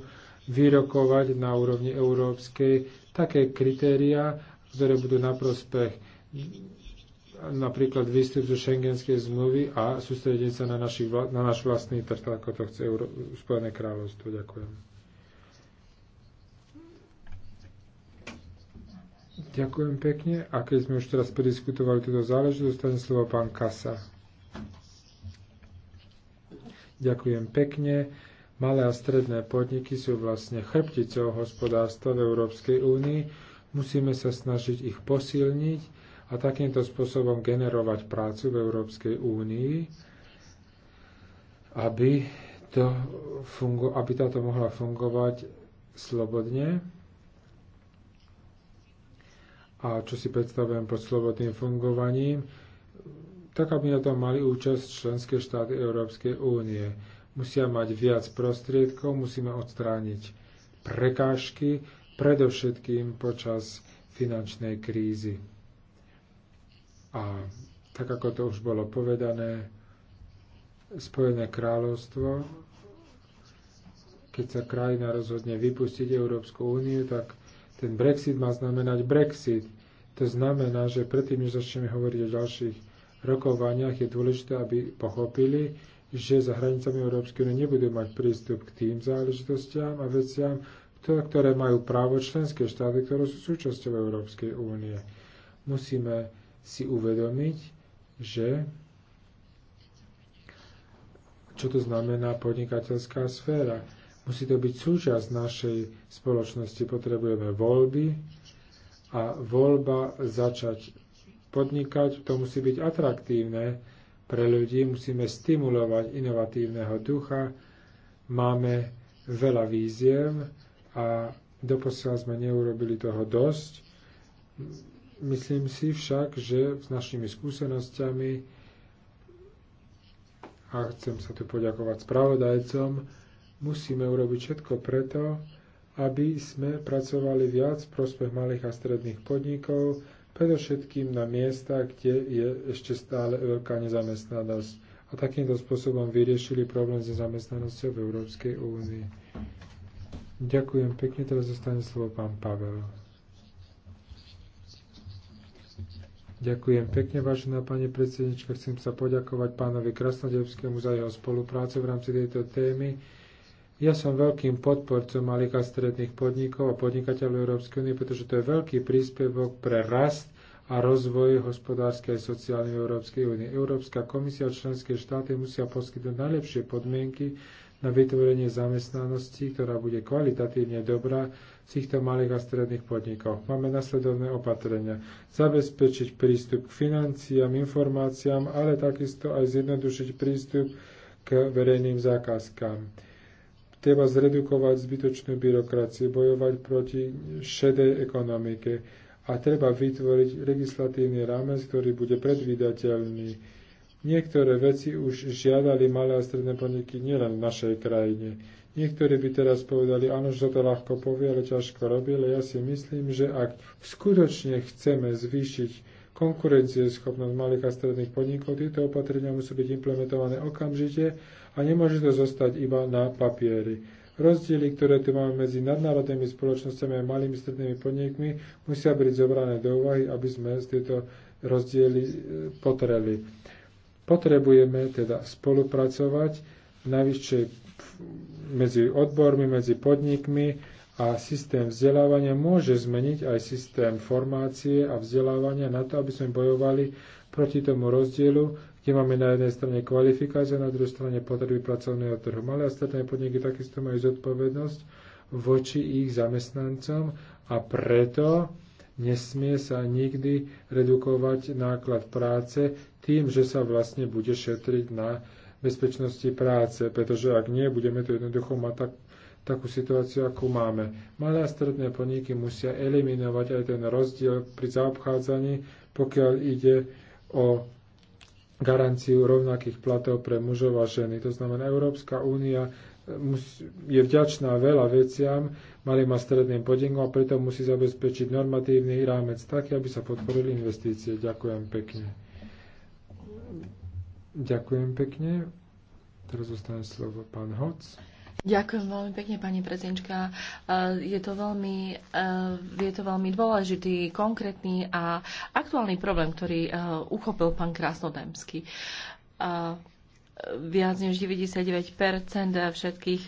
vyrokovať na úrovni európskej také kritériá, ktoré budú na prospech napríklad výstup zo šengenskej zmluvy a sústrediť sa na, našich, na náš vlastný trh, ako to chce Euró- Spojené kráľovstvo. Ďakujem. Ďakujem pekne. A keď sme už teraz prediskutovali túto záležitosť, dostane slovo pán Kasa. Ďakujem pekne. Malé a stredné podniky sú vlastne chrbticou hospodárstva v Európskej únii. Musíme sa snažiť ich posilniť a takýmto spôsobom generovať prácu v Európskej únii, aby, to fungo- aby táto mohla fungovať slobodne. A čo si predstavujem pod slobodným fungovaním, tak aby na tom mali účasť členské štáty Európskej únie. Musia mať viac prostriedkov, musíme odstrániť prekážky, predovšetkým počas finančnej krízy. A tak ako to už bolo povedané, Spojené kráľovstvo, keď sa krajina rozhodne vypustiť Európsku úniu, tak ten Brexit má znamenať Brexit. To znamená, že predtým, než začneme hovoriť o ďalších rokovaniach, je dôležité, aby pochopili, že za hranicami Európskej únie nebudú mať prístup k tým záležitostiam a veciam, ktoré majú právo členské štáty, ktoré sú súčasťou Európskej únie. Musíme si uvedomiť, že čo to znamená podnikateľská sféra. Musí to byť súčasť našej spoločnosti. Potrebujeme voľby a voľba začať podnikať, to musí byť atraktívne pre ľudí, musíme stimulovať inovatívneho ducha. Máme veľa víziev a doposiaľ sme neurobili toho dosť Myslím si však, že s našimi skúsenostiami a chcem sa tu poďakovať spravodajcom, musíme urobiť všetko preto, aby sme pracovali viac v prospech malých a stredných podnikov, predovšetkým na miestach, kde je ešte stále veľká nezamestnanosť. A takýmto spôsobom vyriešili problém s nezamestnanosťou v Európskej únii. Ďakujem pekne, teraz zostane slovo pán Pavel. Ďakujem pekne, vážená pani predsednička. Chcem sa poďakovať pánovi Krasnodevskému za jeho spoluprácu v rámci tejto témy. Ja som veľkým podporcom malých a stredných podnikov a podnikateľov Európskej únie, pretože to je veľký príspevok pre rast a rozvoj hospodárskej a sociálnej Európskej únie. Európska komisia a členské štáty musia poskytnúť najlepšie podmienky na vytvorenie zamestnanosti, ktorá bude kvalitatívne dobrá v týchto malých a stredných podnikoch. Máme nasledovné opatrenia. Zabezpečiť prístup k financiám, informáciám, ale takisto aj zjednodušiť prístup k verejným zákazkám. Treba zredukovať zbytočnú byrokraciu, bojovať proti šedej ekonomike a treba vytvoriť legislatívny rámec, ktorý bude predvídateľný Niektoré veci už žiadali malé a stredné podniky nielen v našej krajine. Niektorí by teraz povedali, áno, že to ľahko povie, ale ťažko robí, ale ja si myslím, že ak skutočne chceme zvýšiť konkurencieschopnosť malých a stredných podnikov, tieto opatrenia musí byť implementované okamžite a nemôže to zostať iba na papieri. Rozdiely, ktoré tu máme medzi nadnárodnými spoločnosťami a malými strednými podnikmi, musia byť zobrané do úvahy, aby sme tieto rozdiely e, potreli. Potrebujeme teda spolupracovať najvyššie medzi odbormi, medzi podnikmi a systém vzdelávania môže zmeniť aj systém formácie a vzdelávania na to, aby sme bojovali proti tomu rozdielu, kde máme na jednej strane kvalifikáciu, na druhej strane potreby pracovného trhu. Malé a stredné podniky takisto majú zodpovednosť voči ich zamestnancom a preto Nesmie sa nikdy redukovať náklad práce tým, že sa vlastne bude šetriť na bezpečnosti práce, pretože ak nie, budeme to jednoducho mať tak, takú situáciu, ako máme. Malé a stredné podniky musia eliminovať aj ten rozdiel pri zaobchádzaní, pokiaľ ide o garanciu rovnakých platov pre mužov a ženy. To znamená, Európska únia je vďačná veľa veciam, malým a stredným podnikom a preto musí zabezpečiť normatívny rámec taký, aby sa podporili investície. Ďakujem pekne. Ďakujem pekne. Teraz zostane slovo pán Hoc. Ďakujem veľmi pekne, pani prezidentka. Eh, je to veľmi, eh, je to veľmi dôležitý, konkrétny a aktuálny problém, ktorý eh, uchopil pán Krásnodemský viac než 99 všetkých,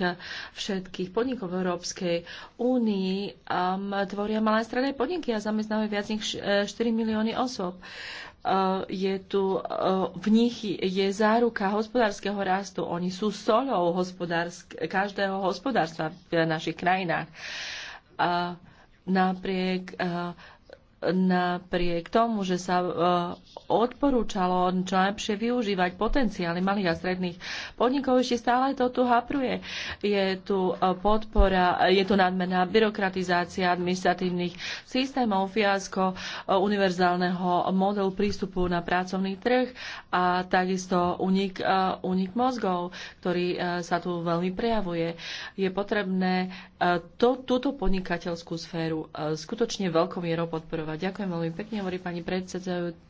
všetkých podnikov v Európskej únii um, tvoria malé stredné podniky a zamestnávajú viac než 4 eh, milióny osôb. Uh, je tu, uh, v nich je záruka hospodárskeho rastu. Oni sú solou hospodársk- každého hospodárstva v našich krajinách. Uh, napriek uh, napriek tomu, že sa e, odporúčalo čo najlepšie využívať potenciály malých a stredných podnikov, ešte stále to tu hapruje. Je tu e, podpora, je tu nadmená byrokratizácia administratívnych systémov, fiasko e, univerzálneho modelu prístupu na pracovný trh a takisto unik, unik mozgov, ktorý sa tu veľmi prejavuje. Je potrebné E, to, túto podnikateľskú sféru e, skutočne veľkou mierou podporovať. Ďakujem veľmi pekne, hovorí pani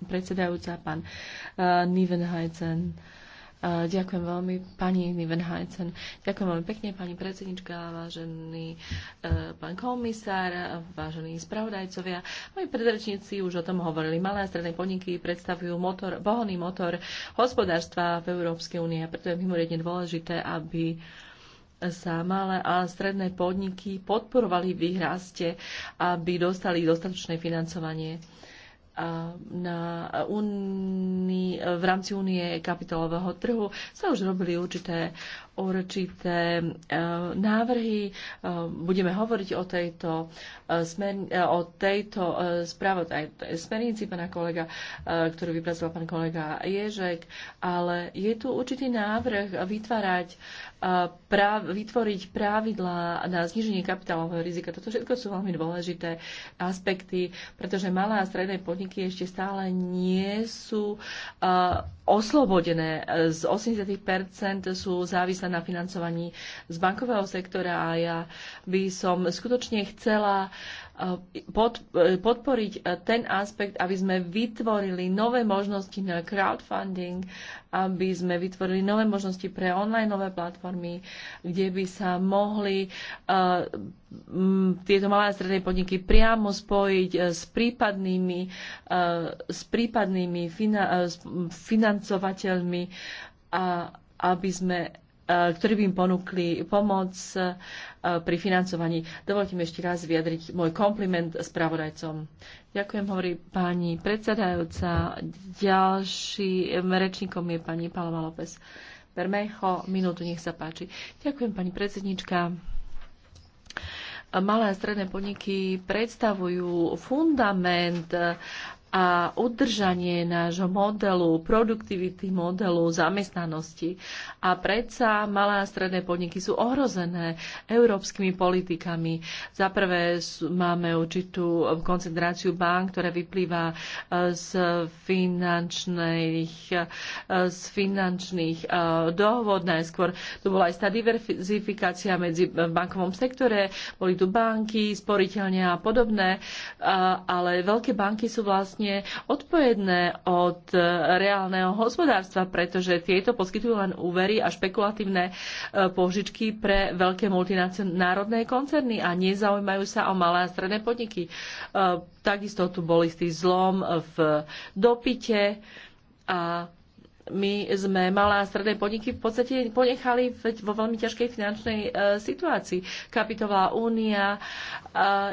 predsedajúca, pán e, Nivenhajcen. Ďakujem veľmi, pani Nivenhajcen. Ďakujem veľmi pekne, pani predsednička, vážený pán komisár, vážení spravodajcovia. Moji predrečníci už o tom hovorili. Malé a stredné podniky predstavujú motor, pohonný motor hospodárstva v Európskej únie a preto je mimoriadne dôležité, aby sa malé a stredné podniky podporovali v ich raste, aby dostali dostatočné financovanie na unii, v rámci únie kapitálového trhu sa už robili určité, určité e, návrhy. E, budeme hovoriť o tejto, e, o tejto správe, smernici pána kolega, ktorú vypracoval pán kolega Ježek, ale je tu určitý návrh vytvárať, práv, vytvoriť pravidlá na zniženie kapitálového rizika. Toto všetko sú veľmi dôležité aspekty, pretože malé a stredné podniky podniky ešte stále nie sú eh, oslobodené. Z 80% sú závislé na financovaní z bankového sektora a ja by som skutočne chcela uh, pod, podporiť ten aspekt, aby sme vytvorili nové možnosti na crowdfunding, aby sme vytvorili nové možnosti pre online nové platformy, kde by sa mohli eh, tieto malé a stredné podniky priamo spojiť eh, s prípadnými, eh, s prípadnými financovateľmi a aby sme Eh, ktorí by im ponúkli pomoc eh, pri financovaní. Dovolte mi ešte raz vyjadriť môj kompliment spravodajcom. Ďakujem, hovorí pani predsedajúca. Ďalším rečníkom je pani Paloma López. Bermejo, minútu, nech sa páči. Ďakujem, pani predsednička. Malé a stredné podniky predstavujú fundament a udržanie nášho modelu, produktivity modelu zamestnanosti. A predsa malé a stredné podniky sú ohrozené európskymi politikami. Za prvé máme určitú koncentráciu bank, ktorá vyplýva e, z finančných, e, z finančných e, dohôd najskôr. Tu bola aj tá diverzifikácia medzi v bankovom sektore, boli tu banky, sporiteľne a podobné, ale veľké banky sú vlastne vlastne odpojedné od e, reálneho hospodárstva, pretože tieto poskytujú len úvery a špekulatívne e, požičky pre veľké multinárodné koncerny a nezaujímajú sa o malé a stredné podniky. E, takisto tu bol istý zlom v dopite a my sme malé a stredné podniky v podstate ponechali vo veľmi ťažkej finančnej e, situácii. Kapitová únia e,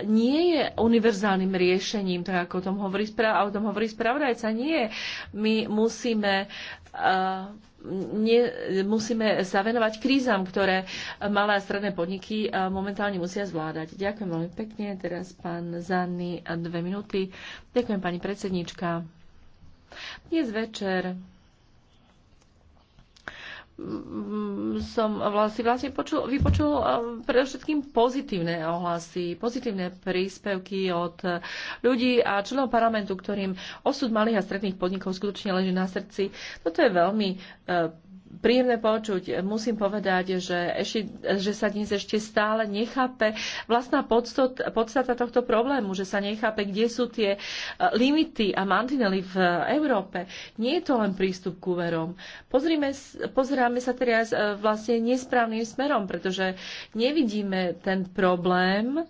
nie je univerzálnym riešením, tak ako o tom hovorí, spra- o tom hovorí spravodajca. Nie. My musíme e, nie, musíme sa venovať krízam, ktoré malé a stredné podniky e, momentálne musia zvládať. Ďakujem veľmi pekne. Teraz pán Zanny a dve minúty. Ďakujem pani predsednička. Dnes večer Mm, som vlastne, vlastne počul, vypočul eh, predovšetkým pozitívne ohlasy, pozitívne príspevky od eh, ľudí a členov parlamentu, ktorým osud malých a stredných podnikov skutočne leží na srdci. Toto je veľmi eh, príjemné počuť. Musím povedať, že, eši, že sa dnes ešte stále nechápe vlastná podstot, podstata tohto problému, že sa nechápe, kde sú tie e, limity a mantinely v Európe. Nie je to len prístup k úverom. Pozrime, pozeráme sa teraz e, vlastne nesprávnym smerom, pretože nevidíme ten problém,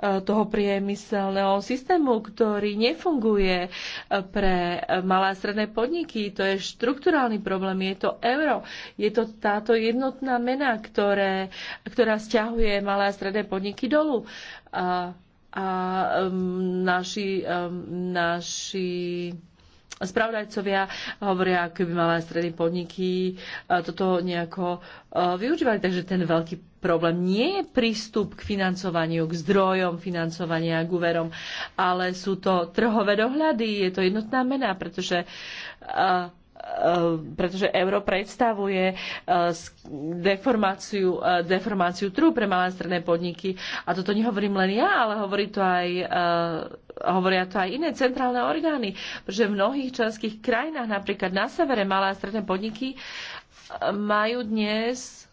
toho priemyselného systému, ktorý nefunguje eh, pre eh, malé a stredné podniky. To je štrukturálny problém, je to euro, je to táto jednotná mena, ktoré, ktorá stiahuje malé a stredné podniky dolu. A, a um, naši, um, naši Spravodajcovia hovoria, ako by malé stredné podniky e, toto nejako e, využívali. Takže ten veľký problém nie je prístup k financovaniu, k zdrojom financovania, k úverom, ale sú to trhové dohľady, je to jednotná mena, pretože e, pretože euro predstavuje deformáciu, deformáciu trhu pre malé a stredné podniky. A toto nehovorím len ja, ale hovorí to aj hovoria to aj iné centrálne orgány, že v mnohých členských krajinách, napríklad na severe, malé a stredné podniky eh, majú dnes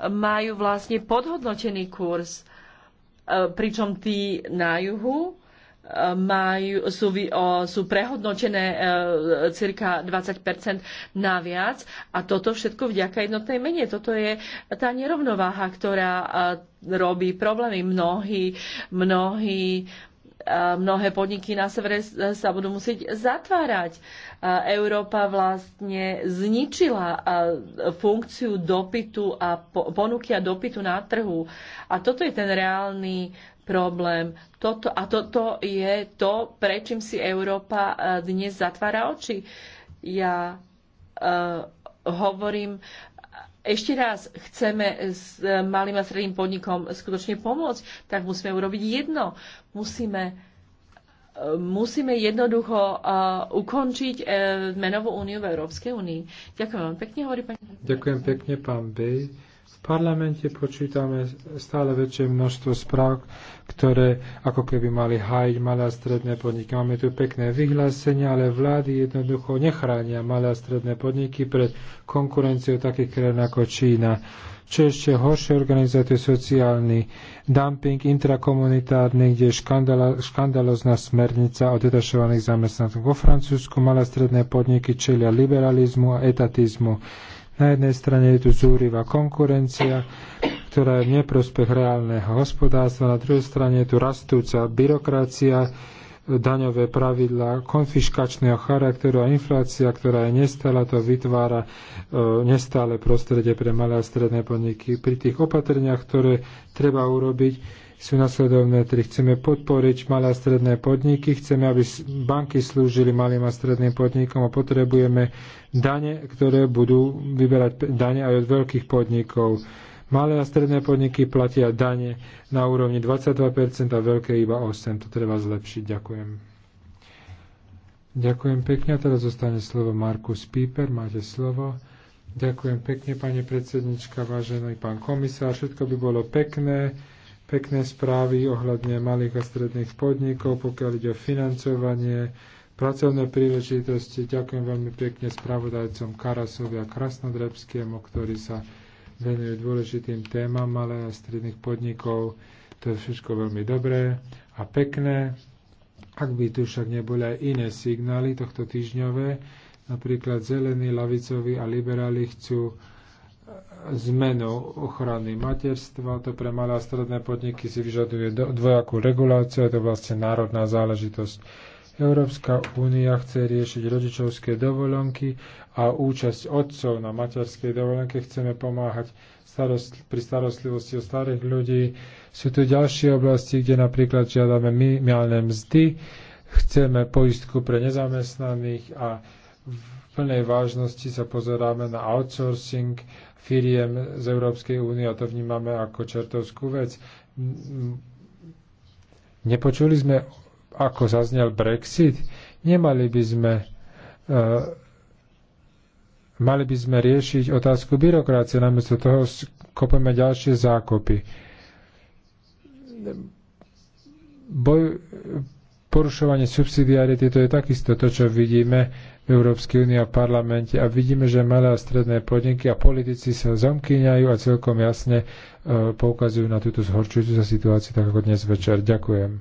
majú vlastne podhodnotený kurz, eh, pričom tí na juhu eh, majú, sú, sú prehodnotené cirka 20 naviac a toto všetko vďaka jednotnej mene. Toto je tá nerovnováha, ktorá robí problémy. Mnohí, mnohí mnohé podniky na severe sa budú musieť zatvárať. Európa vlastne zničila funkciu dopytu a ponuky a dopytu na trhu. A toto je ten reálny problém. Toto, a toto je to, prečím si Európa dnes zatvára oči. Ja uh, hovorím ešte raz chceme s e, malým a stredným podnikom skutočne pomôcť, tak musíme urobiť jedno. Musíme e, musíme jednoducho e, ukončiť menovú úniu v Európskej únii. Ďakujem vám pekne, hovorí pani. Ďakujem pekne, pán Bej. V parlamente počítame stále väčšie množstvo správ, ktoré ako keby mali hájiť malé a stredné podniky. Máme tu pekné vyhlásenia, ale vlády jednoducho nechránia malé a stredné podniky pred konkurenciou takých krajín ako Čína. Čo ešte horšie organizuje sociálny dumping intrakomunitárny, kde je škandalozná smernica o detašovaných zamestnancov. Vo Francúzsku malé a stredné podniky čelia liberalizmu a etatizmu na jednej strane je tu zúrivá konkurencia, ktorá je v neprospech reálneho hospodárstva, na druhej strane je tu rastúca byrokracia, daňové pravidlá konfiškačného charakteru a inflácia, ktorá je nestála, to vytvára e, nestále prostredie pre malé a stredné podniky. Pri tých opatreniach, ktoré treba urobiť, sú nasledovné tri. Chceme podporiť malé a stredné podniky, chceme, aby banky slúžili malým a stredným podnikom a potrebujeme dane, ktoré budú vyberať dane aj od veľkých podnikov. Malé a stredné podniky platia dane na úrovni 22% a veľké iba 8%. To treba zlepšiť. Ďakujem. Ďakujem pekne. A teraz zostane slovo Markus Píper. Máte slovo. Ďakujem pekne, pani predsednička, vážený pán komisár. Všetko by bolo pekné pekné správy ohľadne malých a stredných podnikov, pokiaľ ide o financovanie, pracovné príležitosti. Ďakujem veľmi pekne spravodajcom Karasovi a Krasnodrebskému, ktorí sa venujú dôležitým témam malých a stredných podnikov. To je všetko veľmi dobré a pekné. Ak by tu však neboli aj iné signály tohto týždňové, napríklad zelení, lavicovi a liberáli chcú zmenu ochrany materstva. To pre malé a stredné podniky si vyžaduje dvojakú reguláciu. Je to vlastne národná záležitosť. Európska únia chce riešiť rodičovské dovolenky a účasť otcov na materskej dovolenke. Chceme pomáhať starost- pri starostlivosti o starých ľudí. Sú tu ďalšie oblasti, kde napríklad žiadame minimálne mzdy, chceme poistku pre nezamestnaných a v plnej vážnosti sa pozeráme na outsourcing firiem z Európskej únie a to vnímame ako čertovskú vec. Nepočuli sme, ako zaznel Brexit. Nemali by sme uh, mali by sme riešiť otázku byrokracie, namiesto toho kopeme ďalšie zákopy. Boj, porušovanie subsidiarity, to je takisto to, čo vidíme Európskej únie a v parlamente a vidíme, že malé a stredné podniky a politici sa zomkýňajú a celkom jasne e, poukazujú na túto zhorčujúcu sa situáciu, tak ako dnes večer. Ďakujem.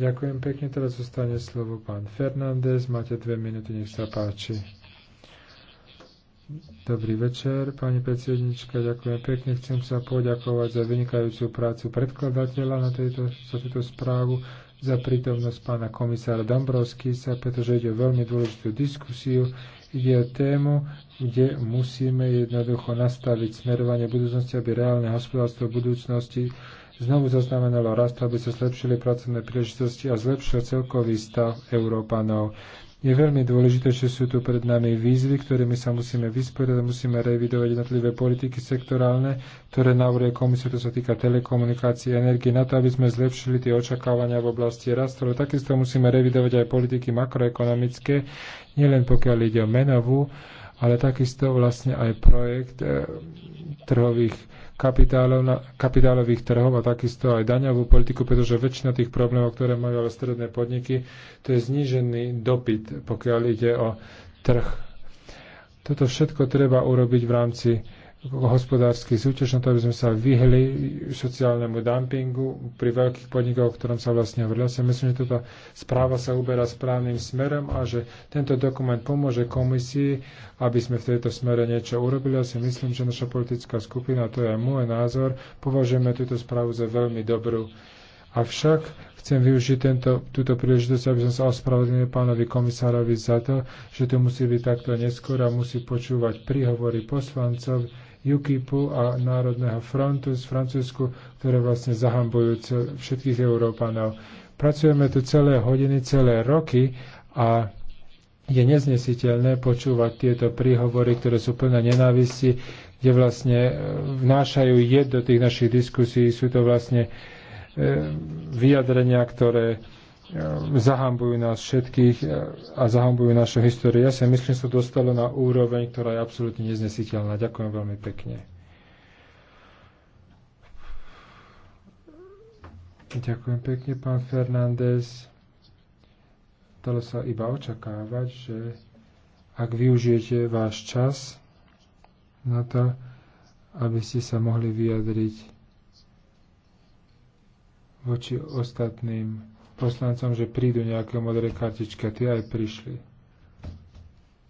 Ďakujem pekne, teraz zostane slovo pán Fernández. Máte dve minúty, nech sa páči. Dobrý večer, pani predsednička, ďakujem pekne. Chcem sa poďakovať za vynikajúcu prácu predkladateľa na tejto, za túto správu za prítomnosť pána komisára Dombrovskisa, pretože ide o veľmi dôležitú diskusiu. Ide o tému, kde musíme jednoducho nastaviť smerovanie budúcnosti, aby reálne hospodárstvo budúcnosti znovu zaznamenalo rast, aby sa zlepšili pracovné príležitosti a zlepšil celkový stav Európanov. Je veľmi dôležité, že sú tu pred nami výzvy, ktorými sa musíme vysporiadať, musíme revidovať jednotlivé politiky sektorálne, ktoré navrhuje komisia, to sa týka telekomunikácií, energie, na to, aby sme zlepšili tie očakávania v oblasti rastu, ale takisto musíme revidovať aj politiky makroekonomické, nielen pokiaľ ide o menovú, ale takisto vlastne aj projekt e, trhových kapitálových trhov a takisto aj daňovú politiku, pretože väčšina tých problémov, ktoré majú ale stredné podniky, to je znížený dopyt, pokiaľ ide o trh. Toto všetko treba urobiť v rámci hospodárskej súťaž, na to, aby sme sa vyhli sociálnemu dumpingu pri veľkých podnikoch, o ktorom sa vlastne hovorilo. Ja myslím, že táto správa sa uberá správnym smerom a že tento dokument pomôže komisii, aby sme v tejto smere niečo urobili. Ja si myslím, že naša politická skupina, to je aj môj názor, považujeme túto správu za veľmi dobrú. Avšak chcem využiť tento, túto príležitosť, aby som sa ospravedlnil pánovi komisárovi za to, že to musí byť takto neskôr a musí počúvať príhovory poslancov, UKIPu a Národného frontu z Francúzsku, ktoré vlastne zahambujú všetkých Európanov. Pracujeme tu celé hodiny, celé roky a je neznesiteľné počúvať tieto príhovory, ktoré sú plné nenávisti, kde vlastne e, vnášajú jed do tých našich diskusí. Sú to vlastne e, vyjadrenia, ktoré Ehm, zahambujú nás všetkých e, a zahambujú našu históriu. Ja si myslím, že sa dostalo na úroveň, ktorá je absolútne neznesiteľná. Ďakujem veľmi pekne. Ďakujem pekne, pán Fernández. Dalo sa iba očakávať, že ak využijete váš čas na to, aby ste sa mohli vyjadriť voči ostatným poslancom, že prídu nejaké modré kartičky a tie aj prišli.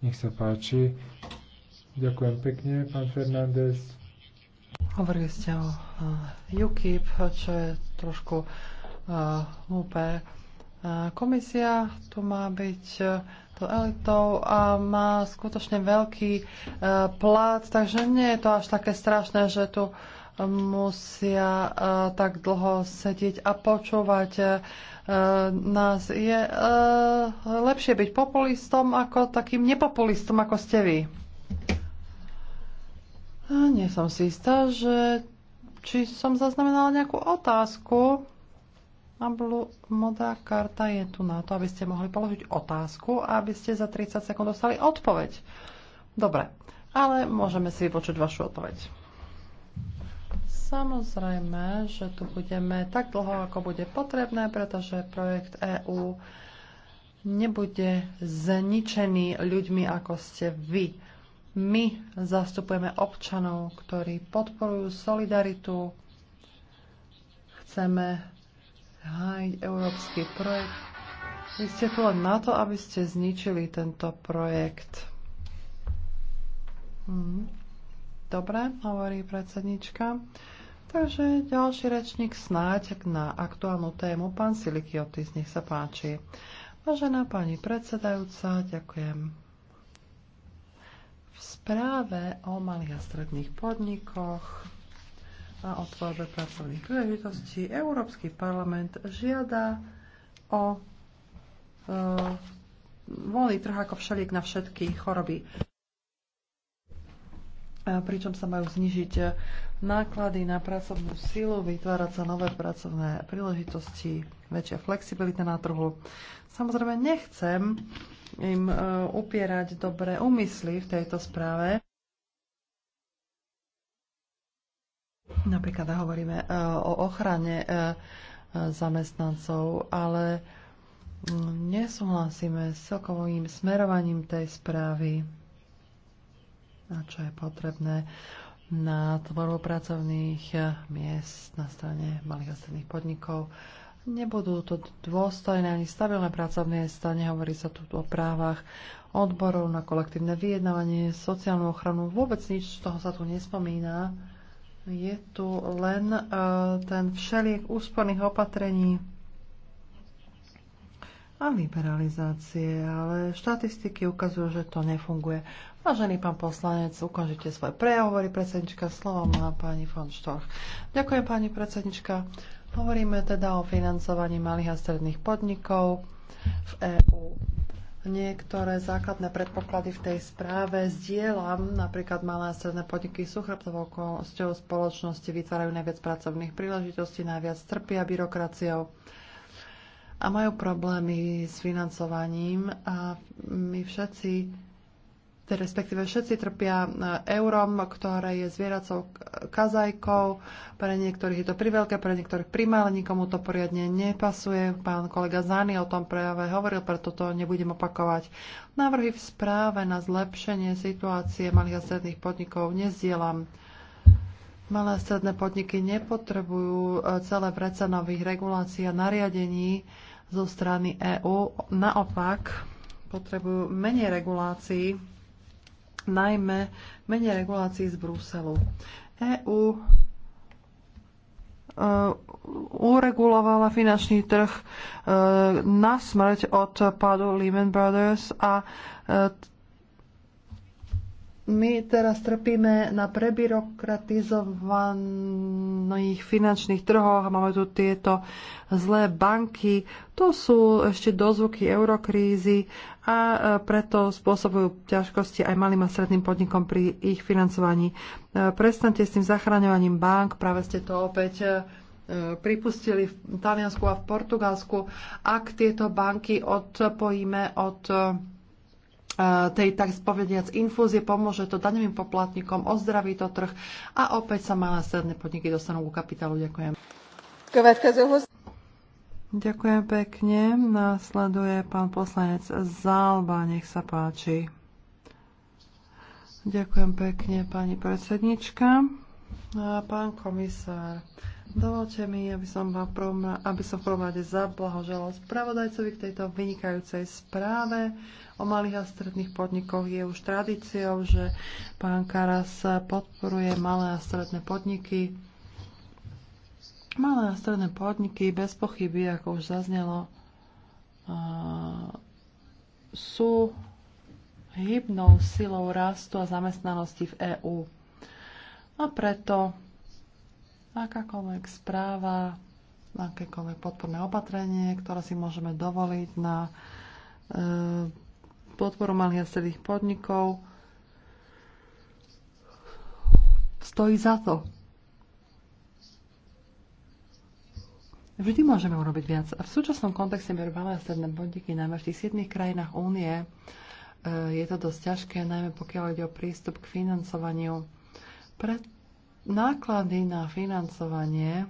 Nech sa páči. Ďakujem pekne, pán Fernández. Hovorili ste o uh, UKIP, čo je trošku uh, hlúpe. Uh, komisia tu má byť uh, tou elitou a má skutočne veľký uh, plat, takže nie je to až také strašné, že tu musia uh, tak dlho sedieť a počúvať uh, nás je eh, lepšie byť populistom ako takým nepopulistom, ako ste vy. Nie som si istá, že či som zaznamenala nejakú otázku. A blu, modrá karta je tu na to, aby ste mohli položiť otázku a aby ste za 30 sekúnd dostali odpoveď. Dobre, ale môžeme si vypočuť vašu odpoveď. Samozrejme, že tu budeme tak dlho, ako bude potrebné, pretože projekt EÚ nebude zničený ľuďmi, ako ste vy. My zastupujeme občanov, ktorí podporujú solidaritu. Chceme hájiť európsky projekt. Vy ste tu len na to, aby ste zničili tento projekt. Hm. Dobre, hovorí predsednička. Takže ďalší rečník snáď na aktuálnu tému, pán Silikiotis, nech sa páči. Vážená pani predsedajúca, ďakujem. V správe o malých a stredných podnikoch a o tvorbe pracovných príležitostí Európsky parlament žiada o e, voľný trh ako všeliek na všetky choroby pričom sa majú znižiť e, náklady na pracovnú silu, vytvárať sa nové pracovné príležitosti, väčšia flexibilita na trhu. Samozrejme, nechcem im e, upierať dobré úmysly v tejto správe. Napríklad hovoríme e, o ochrane zamestnancov, ale mm, nesúhlasíme s celkovým smerovaním tej správy a čo je potrebné na tvorbu pracovných eh, miest na strane malých a stredných podnikov. Nebudú to dôstojné ani stabilné pracovné miesta, nehovorí sa tu o právach odborov na kolektívne vyjednávanie, sociálnu ochranu, vôbec nič z toho sa tu nespomína. Je tu len uh, ten všeliek úsporných opatrení, a liberalizácie, ale štatistiky ukazujú, že to nefunguje. Vážený pán poslanec, ukážite svoje prehovory, predsednička, slovo má pani von Štorch. Ďakujem, pani predsednička. Hovoríme teda o financovaní malých a stredných podnikov v EÚ. Niektoré základné predpoklady v tej správe zdieľam, napríklad malé a stredné podniky sú chrbtovou kosťou spoločnosti, vytvárajú najviac pracovných príležitostí, najviac trpia byrokraciou a majú problémy s financovaním a my všetci, respektíve všetci trpia e, eurom, ktoré je zvieracou kazajkou. Pre niektorých je to priveľké, pre niektorých primále, nikomu to poriadne nepasuje. Pán kolega Zany o tom práve hovoril, preto to nebudem opakovať. Návrhy v správe na zlepšenie situácie malých a stredných podnikov nezdielam Malé a stredné podniky nepotrebujú e, celé vreca nových regulácií a nariadení zo strany EÚ. Naopak, potrebujú menej regulácií, najmä menej regulácií z Bruselu. EÚ e, uregulovala finančný trh e, na smrť od pádu Lehman Brothers a my teraz trpíme na prebyrokratizovaných finančných trhoch a máme tu tieto zlé banky. To sú ešte dozvuky eurokrízy a e, preto spôsobujú ťažkosti aj malým a stredným podnikom pri ich financovaní. E, prestante s tým zachraňovaním bank, práve ste to opäť e, pripustili v Taliansku a v Portugalsku. Ak tieto banky odpojíme od Eh, tej tak spovediac infúzie, pomôže to daňovým poplatníkom, ozdraví to trh a opäť sa malé stredné podniky dostanú ku kapitálu. Ďakujem. Ďakujem pekne. Nasleduje pán poslanec Zálba, nech sa páči. Ďakujem pekne, pani predsednička. Pán komisár, Dovolte mi, aby som, vám prvom, aby som v prvom rade zablahoželal spravodajcovi k tejto vynikajúcej správe o malých a stredných podnikoch. Je už tradíciou, že pán Karas podporuje malé a stredné podniky. Malé a stredné podniky bez pochyby, ako už zaznelo, sú hybnou silou rastu a zamestnanosti v EÚ. A preto akákoľvek správa, akékoľvek podporné opatrenie, ktoré si môžeme dovoliť na e, podporu malých a stredných podnikov. Stojí za to. Vždy môžeme urobiť viac. A V súčasnom kontexte mieru malé a stredné podniky, najmä v tých 7 krajinách únie, e, je to dosť ťažké, najmä pokiaľ ide o prístup k financovaniu. Pre náklady na financovanie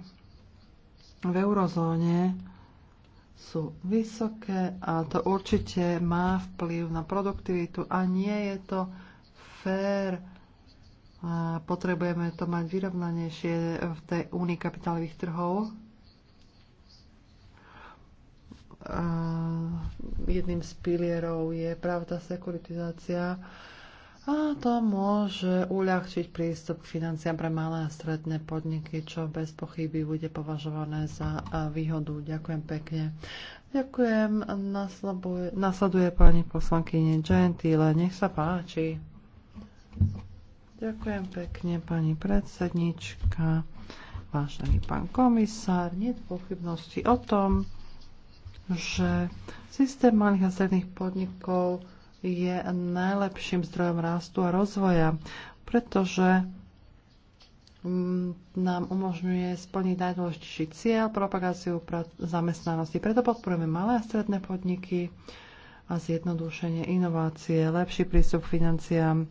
v eurozóne sú vysoké a to určite má vplyv na produktivitu a nie je to fér. Potrebujeme to mať vyrovnanejšie v tej únii kapitálových trhov. Jedným z pilierov je pravda sekuritizácia a to môže uľahčiť prístup k financiám pre malé a stredné podniky, čo bez pochyby bude považované za výhodu. Ďakujem pekne. Ďakujem. Nasleduje, nasleduje pani poslankyne Gentile. Nech sa páči. Ďakujem pekne, pani predsednička, vážený pán komisár. Nie je pochybnosti o tom, že systém malých a stredných podnikov je najlepším zdrojom rastu a rozvoja, pretože mm, nám umožňuje splniť najdôležitejší cieľ propagáciu zamestnanosti. Preto podporujeme malé a stredné podniky a zjednodušenie inovácie, lepší prístup k financiám,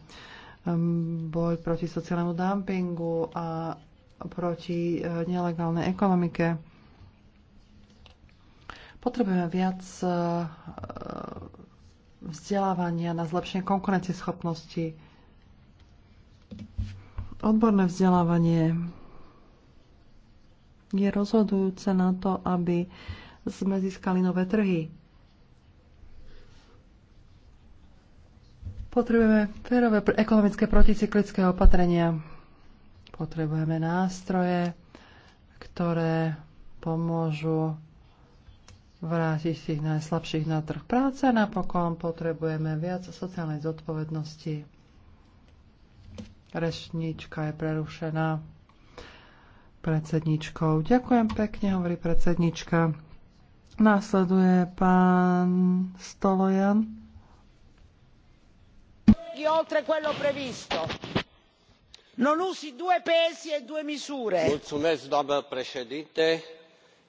mm, boj proti sociálnemu dumpingu a proti e, nelegálnej ekonomike. Potrebujeme viac e, vzdelávania, na zlepšenie konkurencieschopnosti. Odborné vzdelávanie je rozhodujúce na to, aby sme získali nové trhy. Potrebujeme férové ekonomické proticyklické opatrenia. Potrebujeme nástroje, ktoré pomôžu vrátiť tých najslabších na trh práce. Napokon potrebujeme viac sociálnej zodpovednosti. Rešnička je prerušená predsedničkou. Ďakujem pekne, hovorí predsednička. Následuje pán Stolojan. oltre quello previsto. Non usi due pesi e due misure. Mulțumesc, doamnă președinte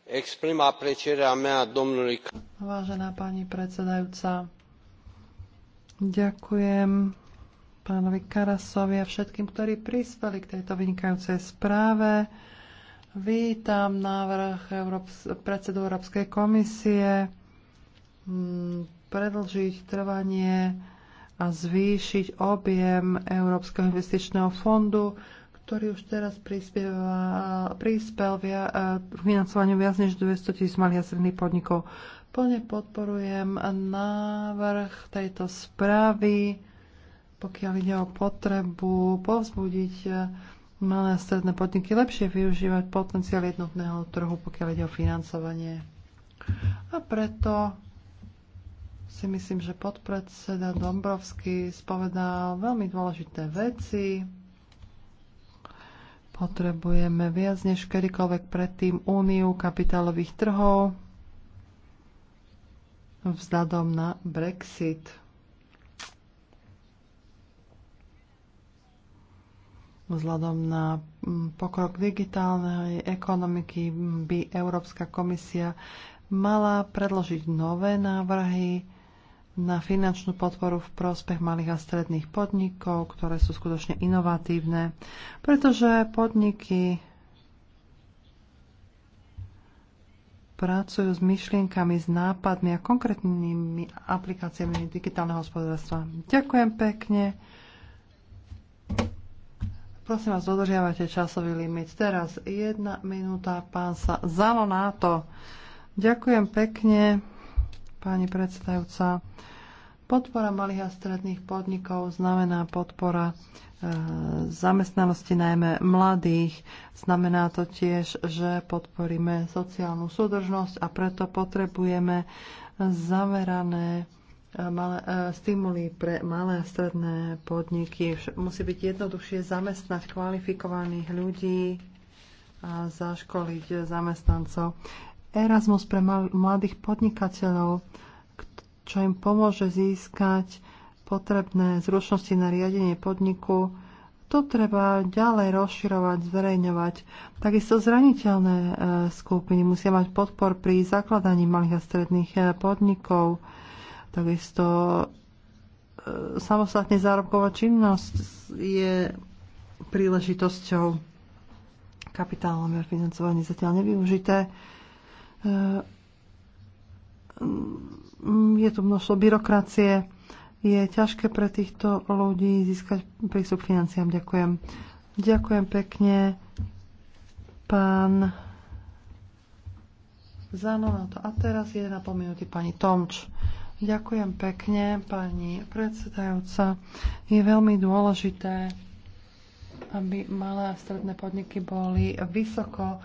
exprim aprecierea mea domnului... Vážená pani predsedajúca, ďakujem pánovi Karasovi a všetkým, ktorí prispeli k tejto vynikajúcej správe. Vítam návrh Európs- predsedu Európskej komisie mm, predlžiť trvanie a zvýšiť objem Európskeho investičného fondu ktorý už teraz prispel via, e, k financovaniu viac než 200 tisíc malých a stredných podnikov. Plne podporujem návrh tejto správy, pokiaľ ide o potrebu povzbudiť e, malé a stredné podniky lepšie využívať potenciál jednotného trhu, pokiaľ ide o financovanie. A preto si myslím, že podpredseda Dombrovský spovedal veľmi dôležité veci Potrebujeme viac než kedykoľvek predtým úniu kapitálových trhov vzhľadom na Brexit. Vzhľadom na mm, pokrok digitálnej ekonomiky by Európska komisia mala predložiť nové návrhy na finančnú podporu v prospech malých a stredných podnikov, ktoré sú skutočne inovatívne, pretože podniky pracujú s myšlienkami, s nápadmi a konkrétnymi aplikáciami digitálneho hospodárstva. Ďakujem pekne. Prosím vás, dodržiavajte časový limit. Teraz jedna minúta, pán sa zalo na to. Ďakujem pekne pani predstavca. Podpora malých a stredných podnikov znamená podpora e, zamestnanosti najmä mladých. Znamená to tiež, že podporíme sociálnu súdržnosť a preto potrebujeme zamerané e, malé, e, stimuly pre malé a stredné podniky. Musí byť jednoduchšie zamestnať kvalifikovaných ľudí a zaškoliť zamestnancov. Erasmus pre mladých podnikateľov, čo im pomôže získať potrebné zručnosti na riadenie podniku. To treba ďalej rozširovať, zverejňovať. Takisto zraniteľné e, skupiny musia mať podpor pri zakladaní malých a stredných e, podnikov. Takisto e, samostatne zárobková činnosť je príležitosťou kapitálom a financovanie zatiaľ nevyužité. Ehm, je tu množstvo byrokracie, je ťažké pre týchto ľudí získať prístup k financiám. Ďakujem. Ďakujem pekne, pán to. A teraz 1,5 minúty pani Tomč. Ďakujem pekne, pani predsedajúca. Je veľmi dôležité, aby malé a stredné podniky boli vysoko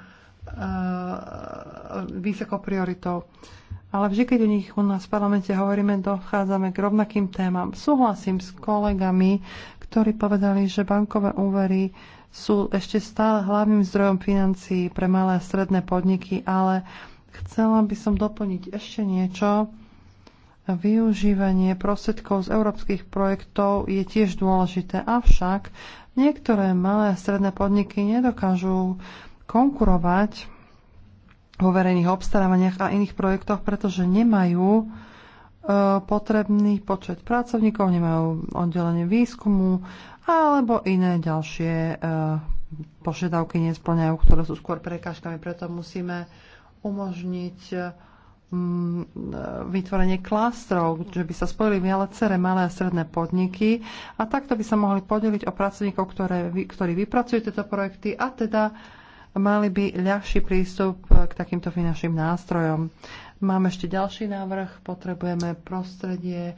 Eh, vysokou prioritou. Ale vždy, keď o nich u nás v parlamente hovoríme, dochádzame k rovnakým témam. Súhlasím s kolegami, ktorí povedali, že bankové úvery sú ešte stále hlavným zdrojom financií pre malé a stredné podniky, ale chcela by som doplniť ešte niečo. Využívanie prostriedkov z európskych projektov je tiež dôležité, avšak niektoré malé a stredné podniky nedokážu konkurovať vo verejných obstarávaniach a iných projektoch, pretože nemajú e, potrebný počet pracovníkov, nemajú oddelenie výskumu alebo iné ďalšie e, požiadavky nesplňajú, ktoré sú skôr prekážkami. Preto musíme umožniť vytvorenie klastrov, že by sa spojili viaceré malé a stredné podniky a takto by sa mohli podeliť o pracovníkov, ktoré, ktorí vypracujú tieto projekty a teda mali by ľahší prístup k takýmto finančným nástrojom. Máme ešte ďalší návrh. Potrebujeme prostredie eh,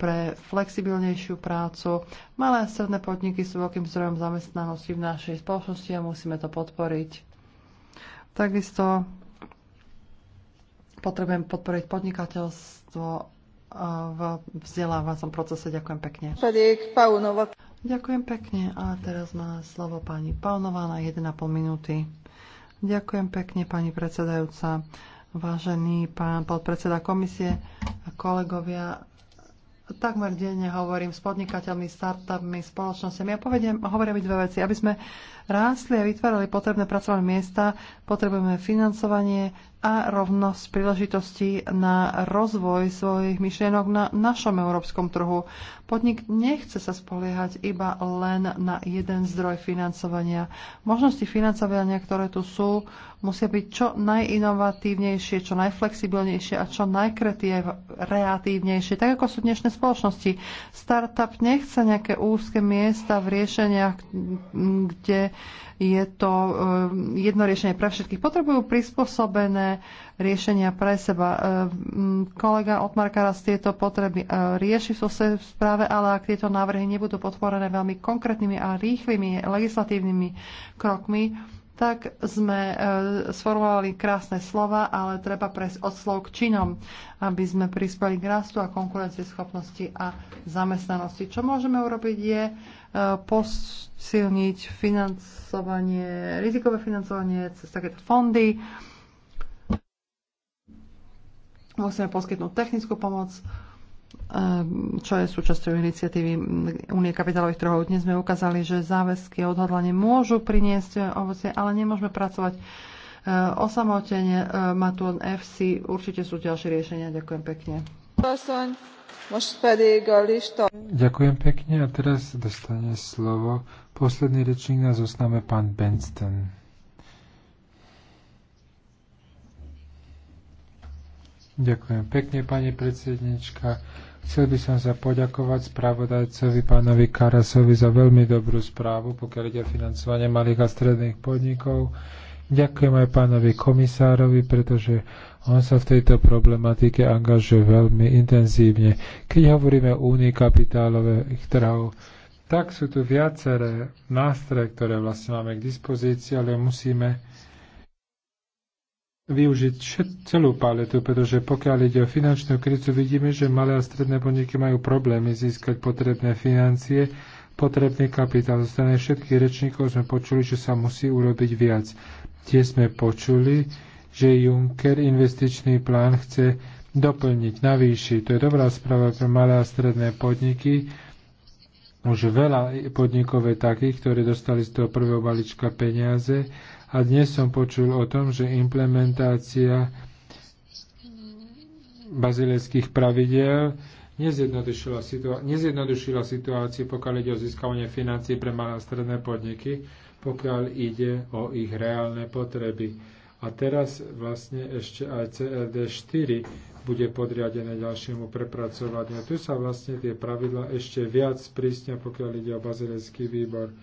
pre flexibilnejšiu prácu. Malé a stredné podniky sú veľkým zdrojom zamestnanosti v našej spoločnosti a musíme to podporiť. Takisto potrebujem podporiť podnikateľstvo eh, v vzdelávacom procese. Ďakujem pekne. Ďakujem pekne a teraz má slovo pani Palnová na 1,5 minúty. Ďakujem pekne, pani predsedajúca, vážený pán podpredseda komisie a kolegovia. Takmer denne hovorím s podnikateľmi, startupmi, spoločnosťami a ja povedem, hovorím dve veci, aby sme rástli a vytvárali potrebné pracovné miesta, potrebujeme financovanie a rovnosť príležitostí na rozvoj svojich myšlienok na našom európskom trhu. Podnik nechce sa spoliehať iba len na jeden zdroj financovania. Možnosti financovania, ktoré tu sú, musia byť čo najinovatívnejšie, čo najflexibilnejšie a čo najkreatívnejšie, tak ako sú dnešné spoločnosti. Startup nechce nejaké úzke miesta v riešeniach, kde je to eh, jedno riešenie pre všetkých. Potrebujú prispôsobené riešenia pre seba. Eh, kolega Otmar Karas tieto potreby eh, rieši v správe, ale ak tieto návrhy nebudú podporené veľmi konkrétnymi a rýchlymi legislatívnymi krokmi, tak sme e, sformovali krásne slova, ale treba prejsť od slov k činom, aby sme prispeli k rastu a konkurencieschopnosti a zamestnanosti. Čo môžeme urobiť je posilniť financovanie, rizikové financovanie cez takéto fondy. Musíme poskytnúť technickú pomoc, eh, čo je súčasťou iniciatívy Unie kapitálových trhov. Dnes sme ukázali, že záväzky a odhodlanie môžu priniesť ovocie, ale nemôžeme pracovať eh, osamotene. Eh, Matón FC určite sú ďalšie riešenia. Ďakujem pekne. Ďakujem pekne a teraz dostane slovo posledný rečník na zosname pán Benston. Ďakujem pekne, pani predsednička. Chcel by som sa poďakovať spravodajcovi pánovi Karasovi za veľmi dobrú správu, pokiaľ ide o financovanie malých a stredných podnikov. Ďakujem aj pánovi komisárovi, pretože on sa v tejto problematike angažuje veľmi intenzívne. Keď hovoríme o únii kapitálových trhov, tak sú tu viaceré nástroje, ktoré vlastne máme k dispozícii, ale musíme využiť celú paletu, pretože pokiaľ ide o finančnú krízu, vidíme, že malé a stredné podniky majú problémy získať potrebné financie, potrebný kapitál. Zo strany všetkých rečníkov sme počuli, že sa musí urobiť viac. Tie sme počuli, že Juncker investičný plán chce doplniť, navýšiť. To je dobrá správa pre malé a stredné podniky. Už veľa podnikov je takých, ktorí dostali z toho prvého balíčka peniaze a dnes som počul o tom, že implementácia bazilejských pravidel nezjednodušila, situá- nezjednodušila situáciu, pokiaľ ide o získavanie financií pre malé a stredné podniky, pokiaľ ide o ich reálne potreby a teraz vlastne ešte aj CRD4 bude podriadené ďalšiemu prepracovaniu. tu sa vlastne tie pravidla ešte viac sprísnia, pokiaľ ide o bazilecký výbor.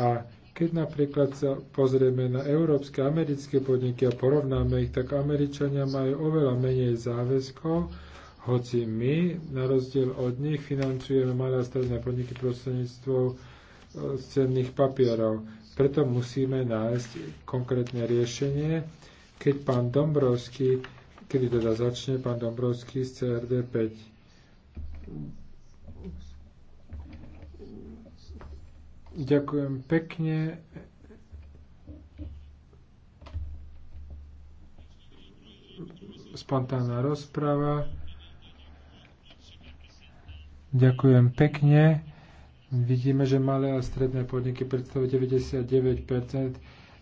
A keď napríklad sa pozrieme na európske a americké podniky a porovnáme ich, tak Američania majú oveľa menej záväzkov, hoci my, na rozdiel od nich, financujeme malé a stredné podniky prostredníctvom z cenných papierov. Preto musíme nájsť konkrétne riešenie, keď pán Dombrovský, kedy teda začne pán Dombrovský z CRD 5. Ďakujem pekne. Spontánna rozprava. Ďakujem pekne. Vidíme, že malé a stredné podniky predstavujú 99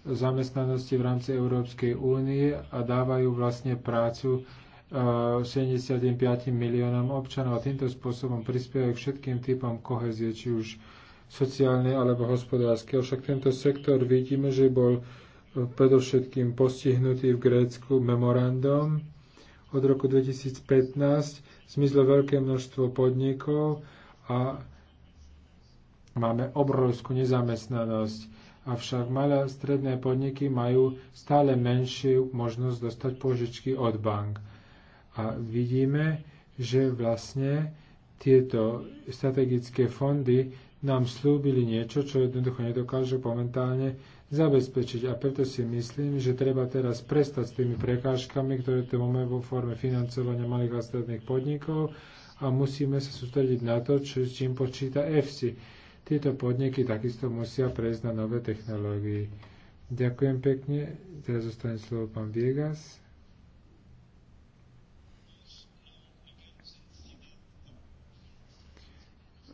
zamestnanosti v rámci Európskej únie a dávajú vlastne prácu 75 e, miliónom občanov a týmto spôsobom prispievajú k všetkým typom kohezie, či už sociálne alebo hospodárske. Však tento sektor vidíme, že bol e, predovšetkým postihnutý v Grécku memorandum od roku 2015 zmizlo veľké množstvo podnikov a Máme obrovskú nezamestnanosť, avšak malé a stredné podniky majú stále menšiu možnosť dostať požičky od bank. A vidíme, že vlastne tieto strategické fondy nám slúbili niečo, čo jednoducho nedokážu momentálne zabezpečiť. A preto si myslím, že treba teraz prestať s tými prekážkami, ktoré tu máme vo forme financovania malých a stredných podnikov a musíme sa sústrediť na to, čo, s čím počíta EFSI tieto podniky takisto musia prejsť na nové technológie. Ďakujem pekne. Teraz zostane slovo pán Viegas.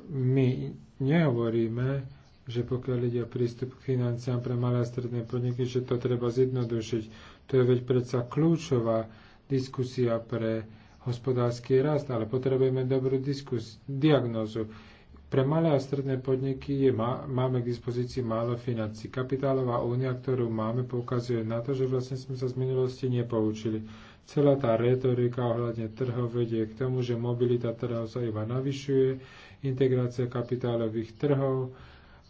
My nehovoríme, že pokiaľ ide o prístup k financiám pre malé a stredné podniky, že to treba zjednodušiť. To je veď predsa kľúčová diskusia pre hospodársky rast, ale potrebujeme dobrú diskus, diagnozu. Pre malé a stredné podniky je, máme k dispozícii málo financí. Kapitálová únia, ktorú máme, poukazuje na to, že vlastne sme sa z minulosti nepoučili. Celá tá retorika ohľadne trhov vedie k tomu, že mobilita trhov sa iba navyšuje, integrácia kapitálových trhov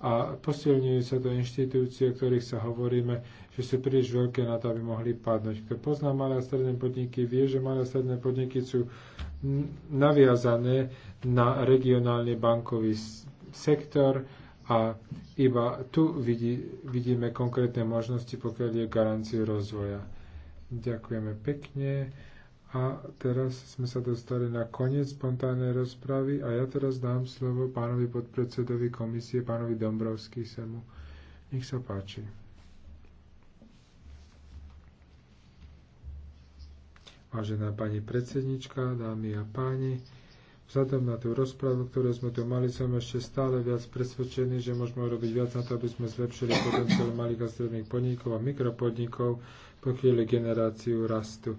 a posilňujú sa to inštitúcie, o ktorých sa hovoríme, že sú príliš veľké na to, aby mohli padnúť. Kto pozná malé a stredné podniky, vie, že malé a stredné podniky sú naviazané na regionálny bankový sektor a iba tu vidí, vidíme konkrétne možnosti, pokiaľ je garanciu rozvoja. Ďakujeme pekne. A teraz sme sa dostali na koniec spontánnej rozpravy a ja teraz dám slovo pánovi podpredsedovi komisie, pánovi Dombrovský semu. Nech sa páči. Vážená pani predsednička, dámy a páni, vzhľadom na tú rozpravu, ktorú sme tu mali, som ešte stále viac presvedčený, že môžeme robiť viac na to, aby sme zlepšili potenciál malých a stredných podnikov a mikropodnikov, pokiaľ generáciu rastu.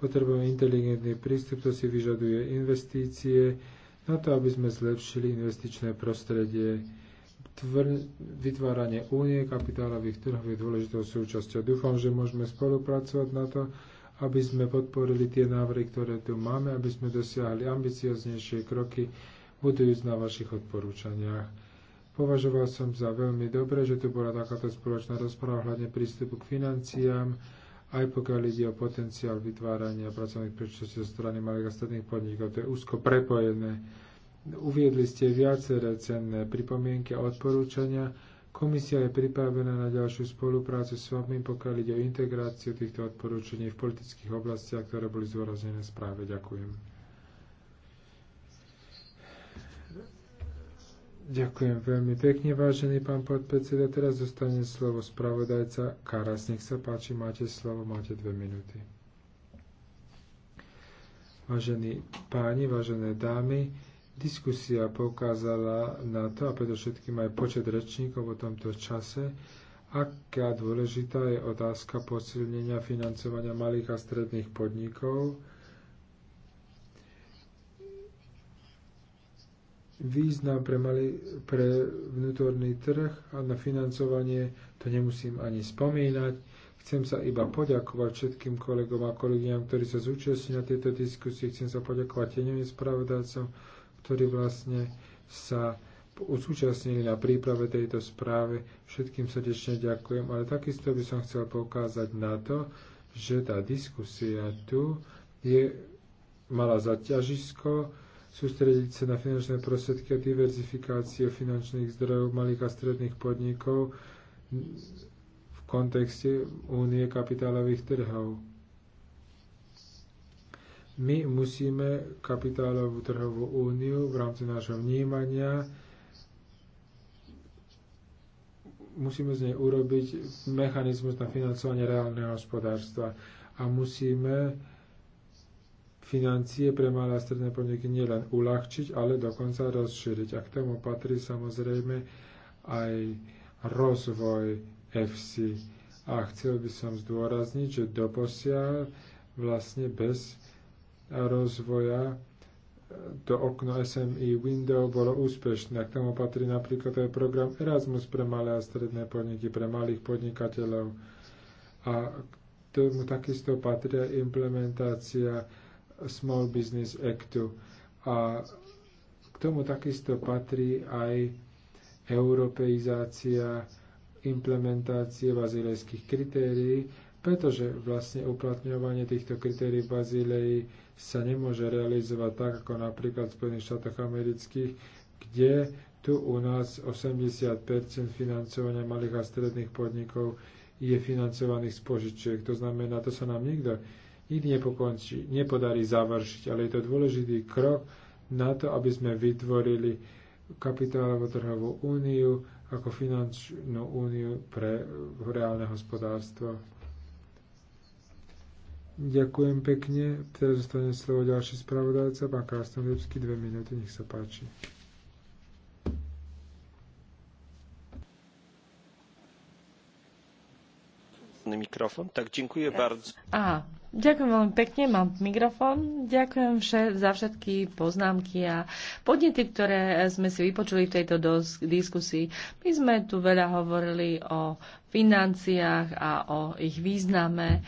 Potrebujeme inteligentný prístup, to si vyžaduje investície, na to, aby sme zlepšili investičné prostredie. Tvr- vytváranie únie kapitálových trhov je dôležitou súčasťou. Dúfam, že môžeme spolupracovať na to, aby sme podporili tie návrhy, ktoré tu máme, aby sme dosiahli ambicioznejšie kroky, budujúc na vašich odporúčaniach. Považoval som za veľmi dobre, že tu bola takáto spoločná rozpráva hľadne prístupu k financiám, aj pokiaľ ide o potenciál vytvárania pracovných príležitostí zo strany malých a stredných podnikov. To je úzko prepojené. Uviedli ste viaceré cenné pripomienky a odporúčania, Komisia je pripravená na ďalšiu spoluprácu s vami, pokiaľ ide o integráciu týchto odporúčení v politických oblastiach, ktoré boli zdôraznené v správe. Ďakujem. Ďakujem veľmi pekne, vážený pán podpredseda. Teraz zostane slovo spravodajca Karas. Nech sa páči, máte slovo, máte dve minúty. Vážení páni, vážené dámy, Diskusia poukázala na to, a predovšetkým aj počet rečníkov o tomto čase, aká dôležitá je otázka posilnenia financovania malých a stredných podnikov, význam pre, mali, pre vnútorný trh a na financovanie to nemusím ani spomínať. Chcem sa iba poďakovať všetkým kolegom a kolegyňam, ktorí sa zúčastnili na tejto diskusii. Chcem sa poďakovať tieňovým spravodajcom, ktorí vlastne sa usúčastnili na príprave tejto správy Všetkým srdečne ďakujem, ale takisto by som chcel poukázať na to, že tá diskusia tu je, mala zaťažisko sústrediť sa na finančné prostriedky a diverzifikáciu finančných zdrojov malých a stredných podnikov v kontexte únie kapitálových trhov my musíme kapitálovú trhovú úniu v rámci nášho vnímania musíme z nej urobiť mechanizmus na financovanie reálneho hospodárstva a musíme financie pre malé a stredné podniky nielen uľahčiť, ale dokonca rozšíriť. A k tomu patrí samozrejme aj rozvoj FC. A chcel by som zdôrazniť, že doposiaľ vlastne bez rozvoja e, to okno SMI Window bolo úspešné. K tomu patrí napríklad aj program Erasmus pre malé a stredné podniky, pre malých podnikateľov. A k tomu takisto patrí aj implementácia Small Business Actu. A k tomu takisto patrí aj europeizácia implementácie vazilejských kritérií pretože vlastne uplatňovanie týchto kritérií v Bazílei sa nemôže realizovať tak, ako napríklad v Spojených štátoch amerických, kde tu u nás 80 financovania malých a stredných podnikov je financovaných z požičiek. To znamená, to sa nám nikto nikdy nepokončí, nepodarí završiť, ale je to dôležitý krok na to, aby sme vytvorili kapitálovo-trhovú úniu ako finančnú úniu pre reálne hospodárstvo. Ďakujem pekne. Teraz zostane slovo ďalší spravodajca, pán Krasnodebský, dve minúty, nech sa páči. mikrofon. Tak dziękuję bardzo. A, Ďakujem veľmi pekne, mám mikrofón. Ďakujem všet, za všetky poznámky a podnety, ktoré sme si vypočuli v tejto dos- diskusii. My sme tu veľa hovorili o financiách a o ich význame, e,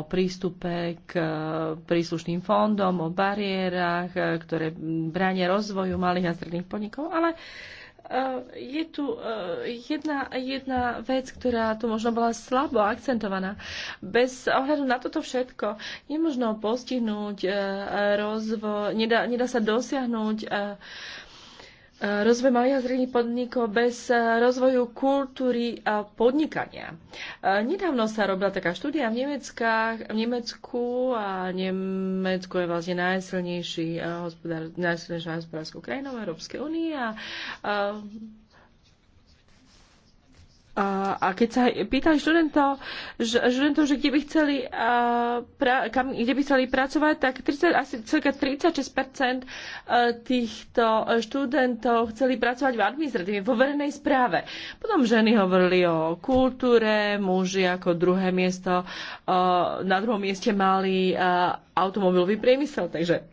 o prístupe k príslušným fondom, o bariérach, e, ktoré bránia rozvoju malých a stredných podnikov, ale Eh, je tu eh, jedna, jedna vec, ktorá tu možno bola slabo akcentovaná. Bez ohľadu na toto všetko je možno postihnúť eh, rozvoj, nedá, nedá sa dosiahnuť rozvoj malých a stredných podnikov bez e, rozvoju kultúry a podnikania. E, nedávno sa robila taká štúdia v, Nemeckách, v Nemecku a Nemecko je vlastne najsilnejší e, hospodár, najsilnejšia hospodárskou krajinou Európskej únie a, a a, a keď sa pýtali študentov, študentov že kde by chceli, a, pra, kam, kde by chceli pracovať, tak 30, asi celka 36% e, týchto študentov chceli pracovať v administratíve, vo verejnej správe. Potom ženy hovorili o kultúre, muži ako druhé miesto, a, e, na druhom mieste mali e, automobilový priemysel, takže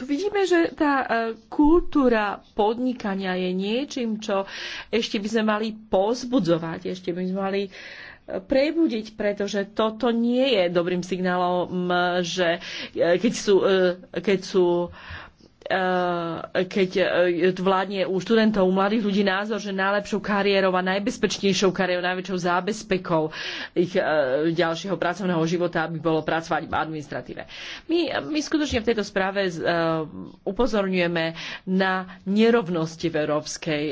tu vidíme, že tá e, kultúra podnikania je niečím, čo ešte by sme mali pozbudzovať, ešte by sme mali e, prebudiť, pretože toto nie je dobrým signálom, že e, keď sú, keď sú Eh, keď eh, vládne u študentov, u mladých ľudí názor, že najlepšou kariérou a najbezpečnejšou kariérou, najväčšou zábezpekou ich eh, ďalšieho pracovného života by bolo pracovať v administratíve. My, my skutočne v tejto správe upozorňujeme na nerovnosti v Európskej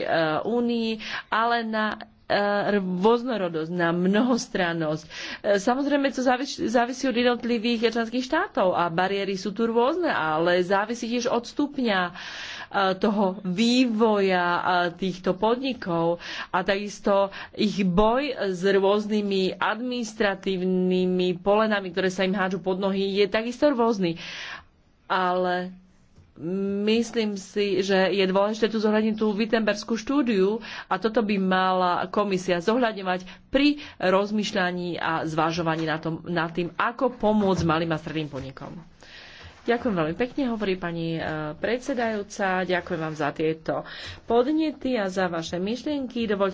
únii, ale na Eh, rôznorodosť, na mnohostrannosť. Eh, samozrejme, to závisí, závisí od jednotlivých členských štátov a bariéry sú tu rôzne, ale závisí tiež od stupňa eh, toho vývoja týchto podnikov a takisto ich boj s rôznymi administratívnymi polenami, ktoré sa im hádžu pod nohy, je takisto rôzny. Ale Myslím si, že je dôležité tu zohľadniť tú Wittenbergskú štúdiu a toto by mala komisia zohľadňovať pri rozmýšľaní a zvážovaní na tom, na tým, ako pomôcť malým a stredným podnikom. Ďakujem veľmi pekne, hovorí pani e, predsedajúca. Ďakujem vám za tieto podnety a za vaše myšlienky. Dovoľte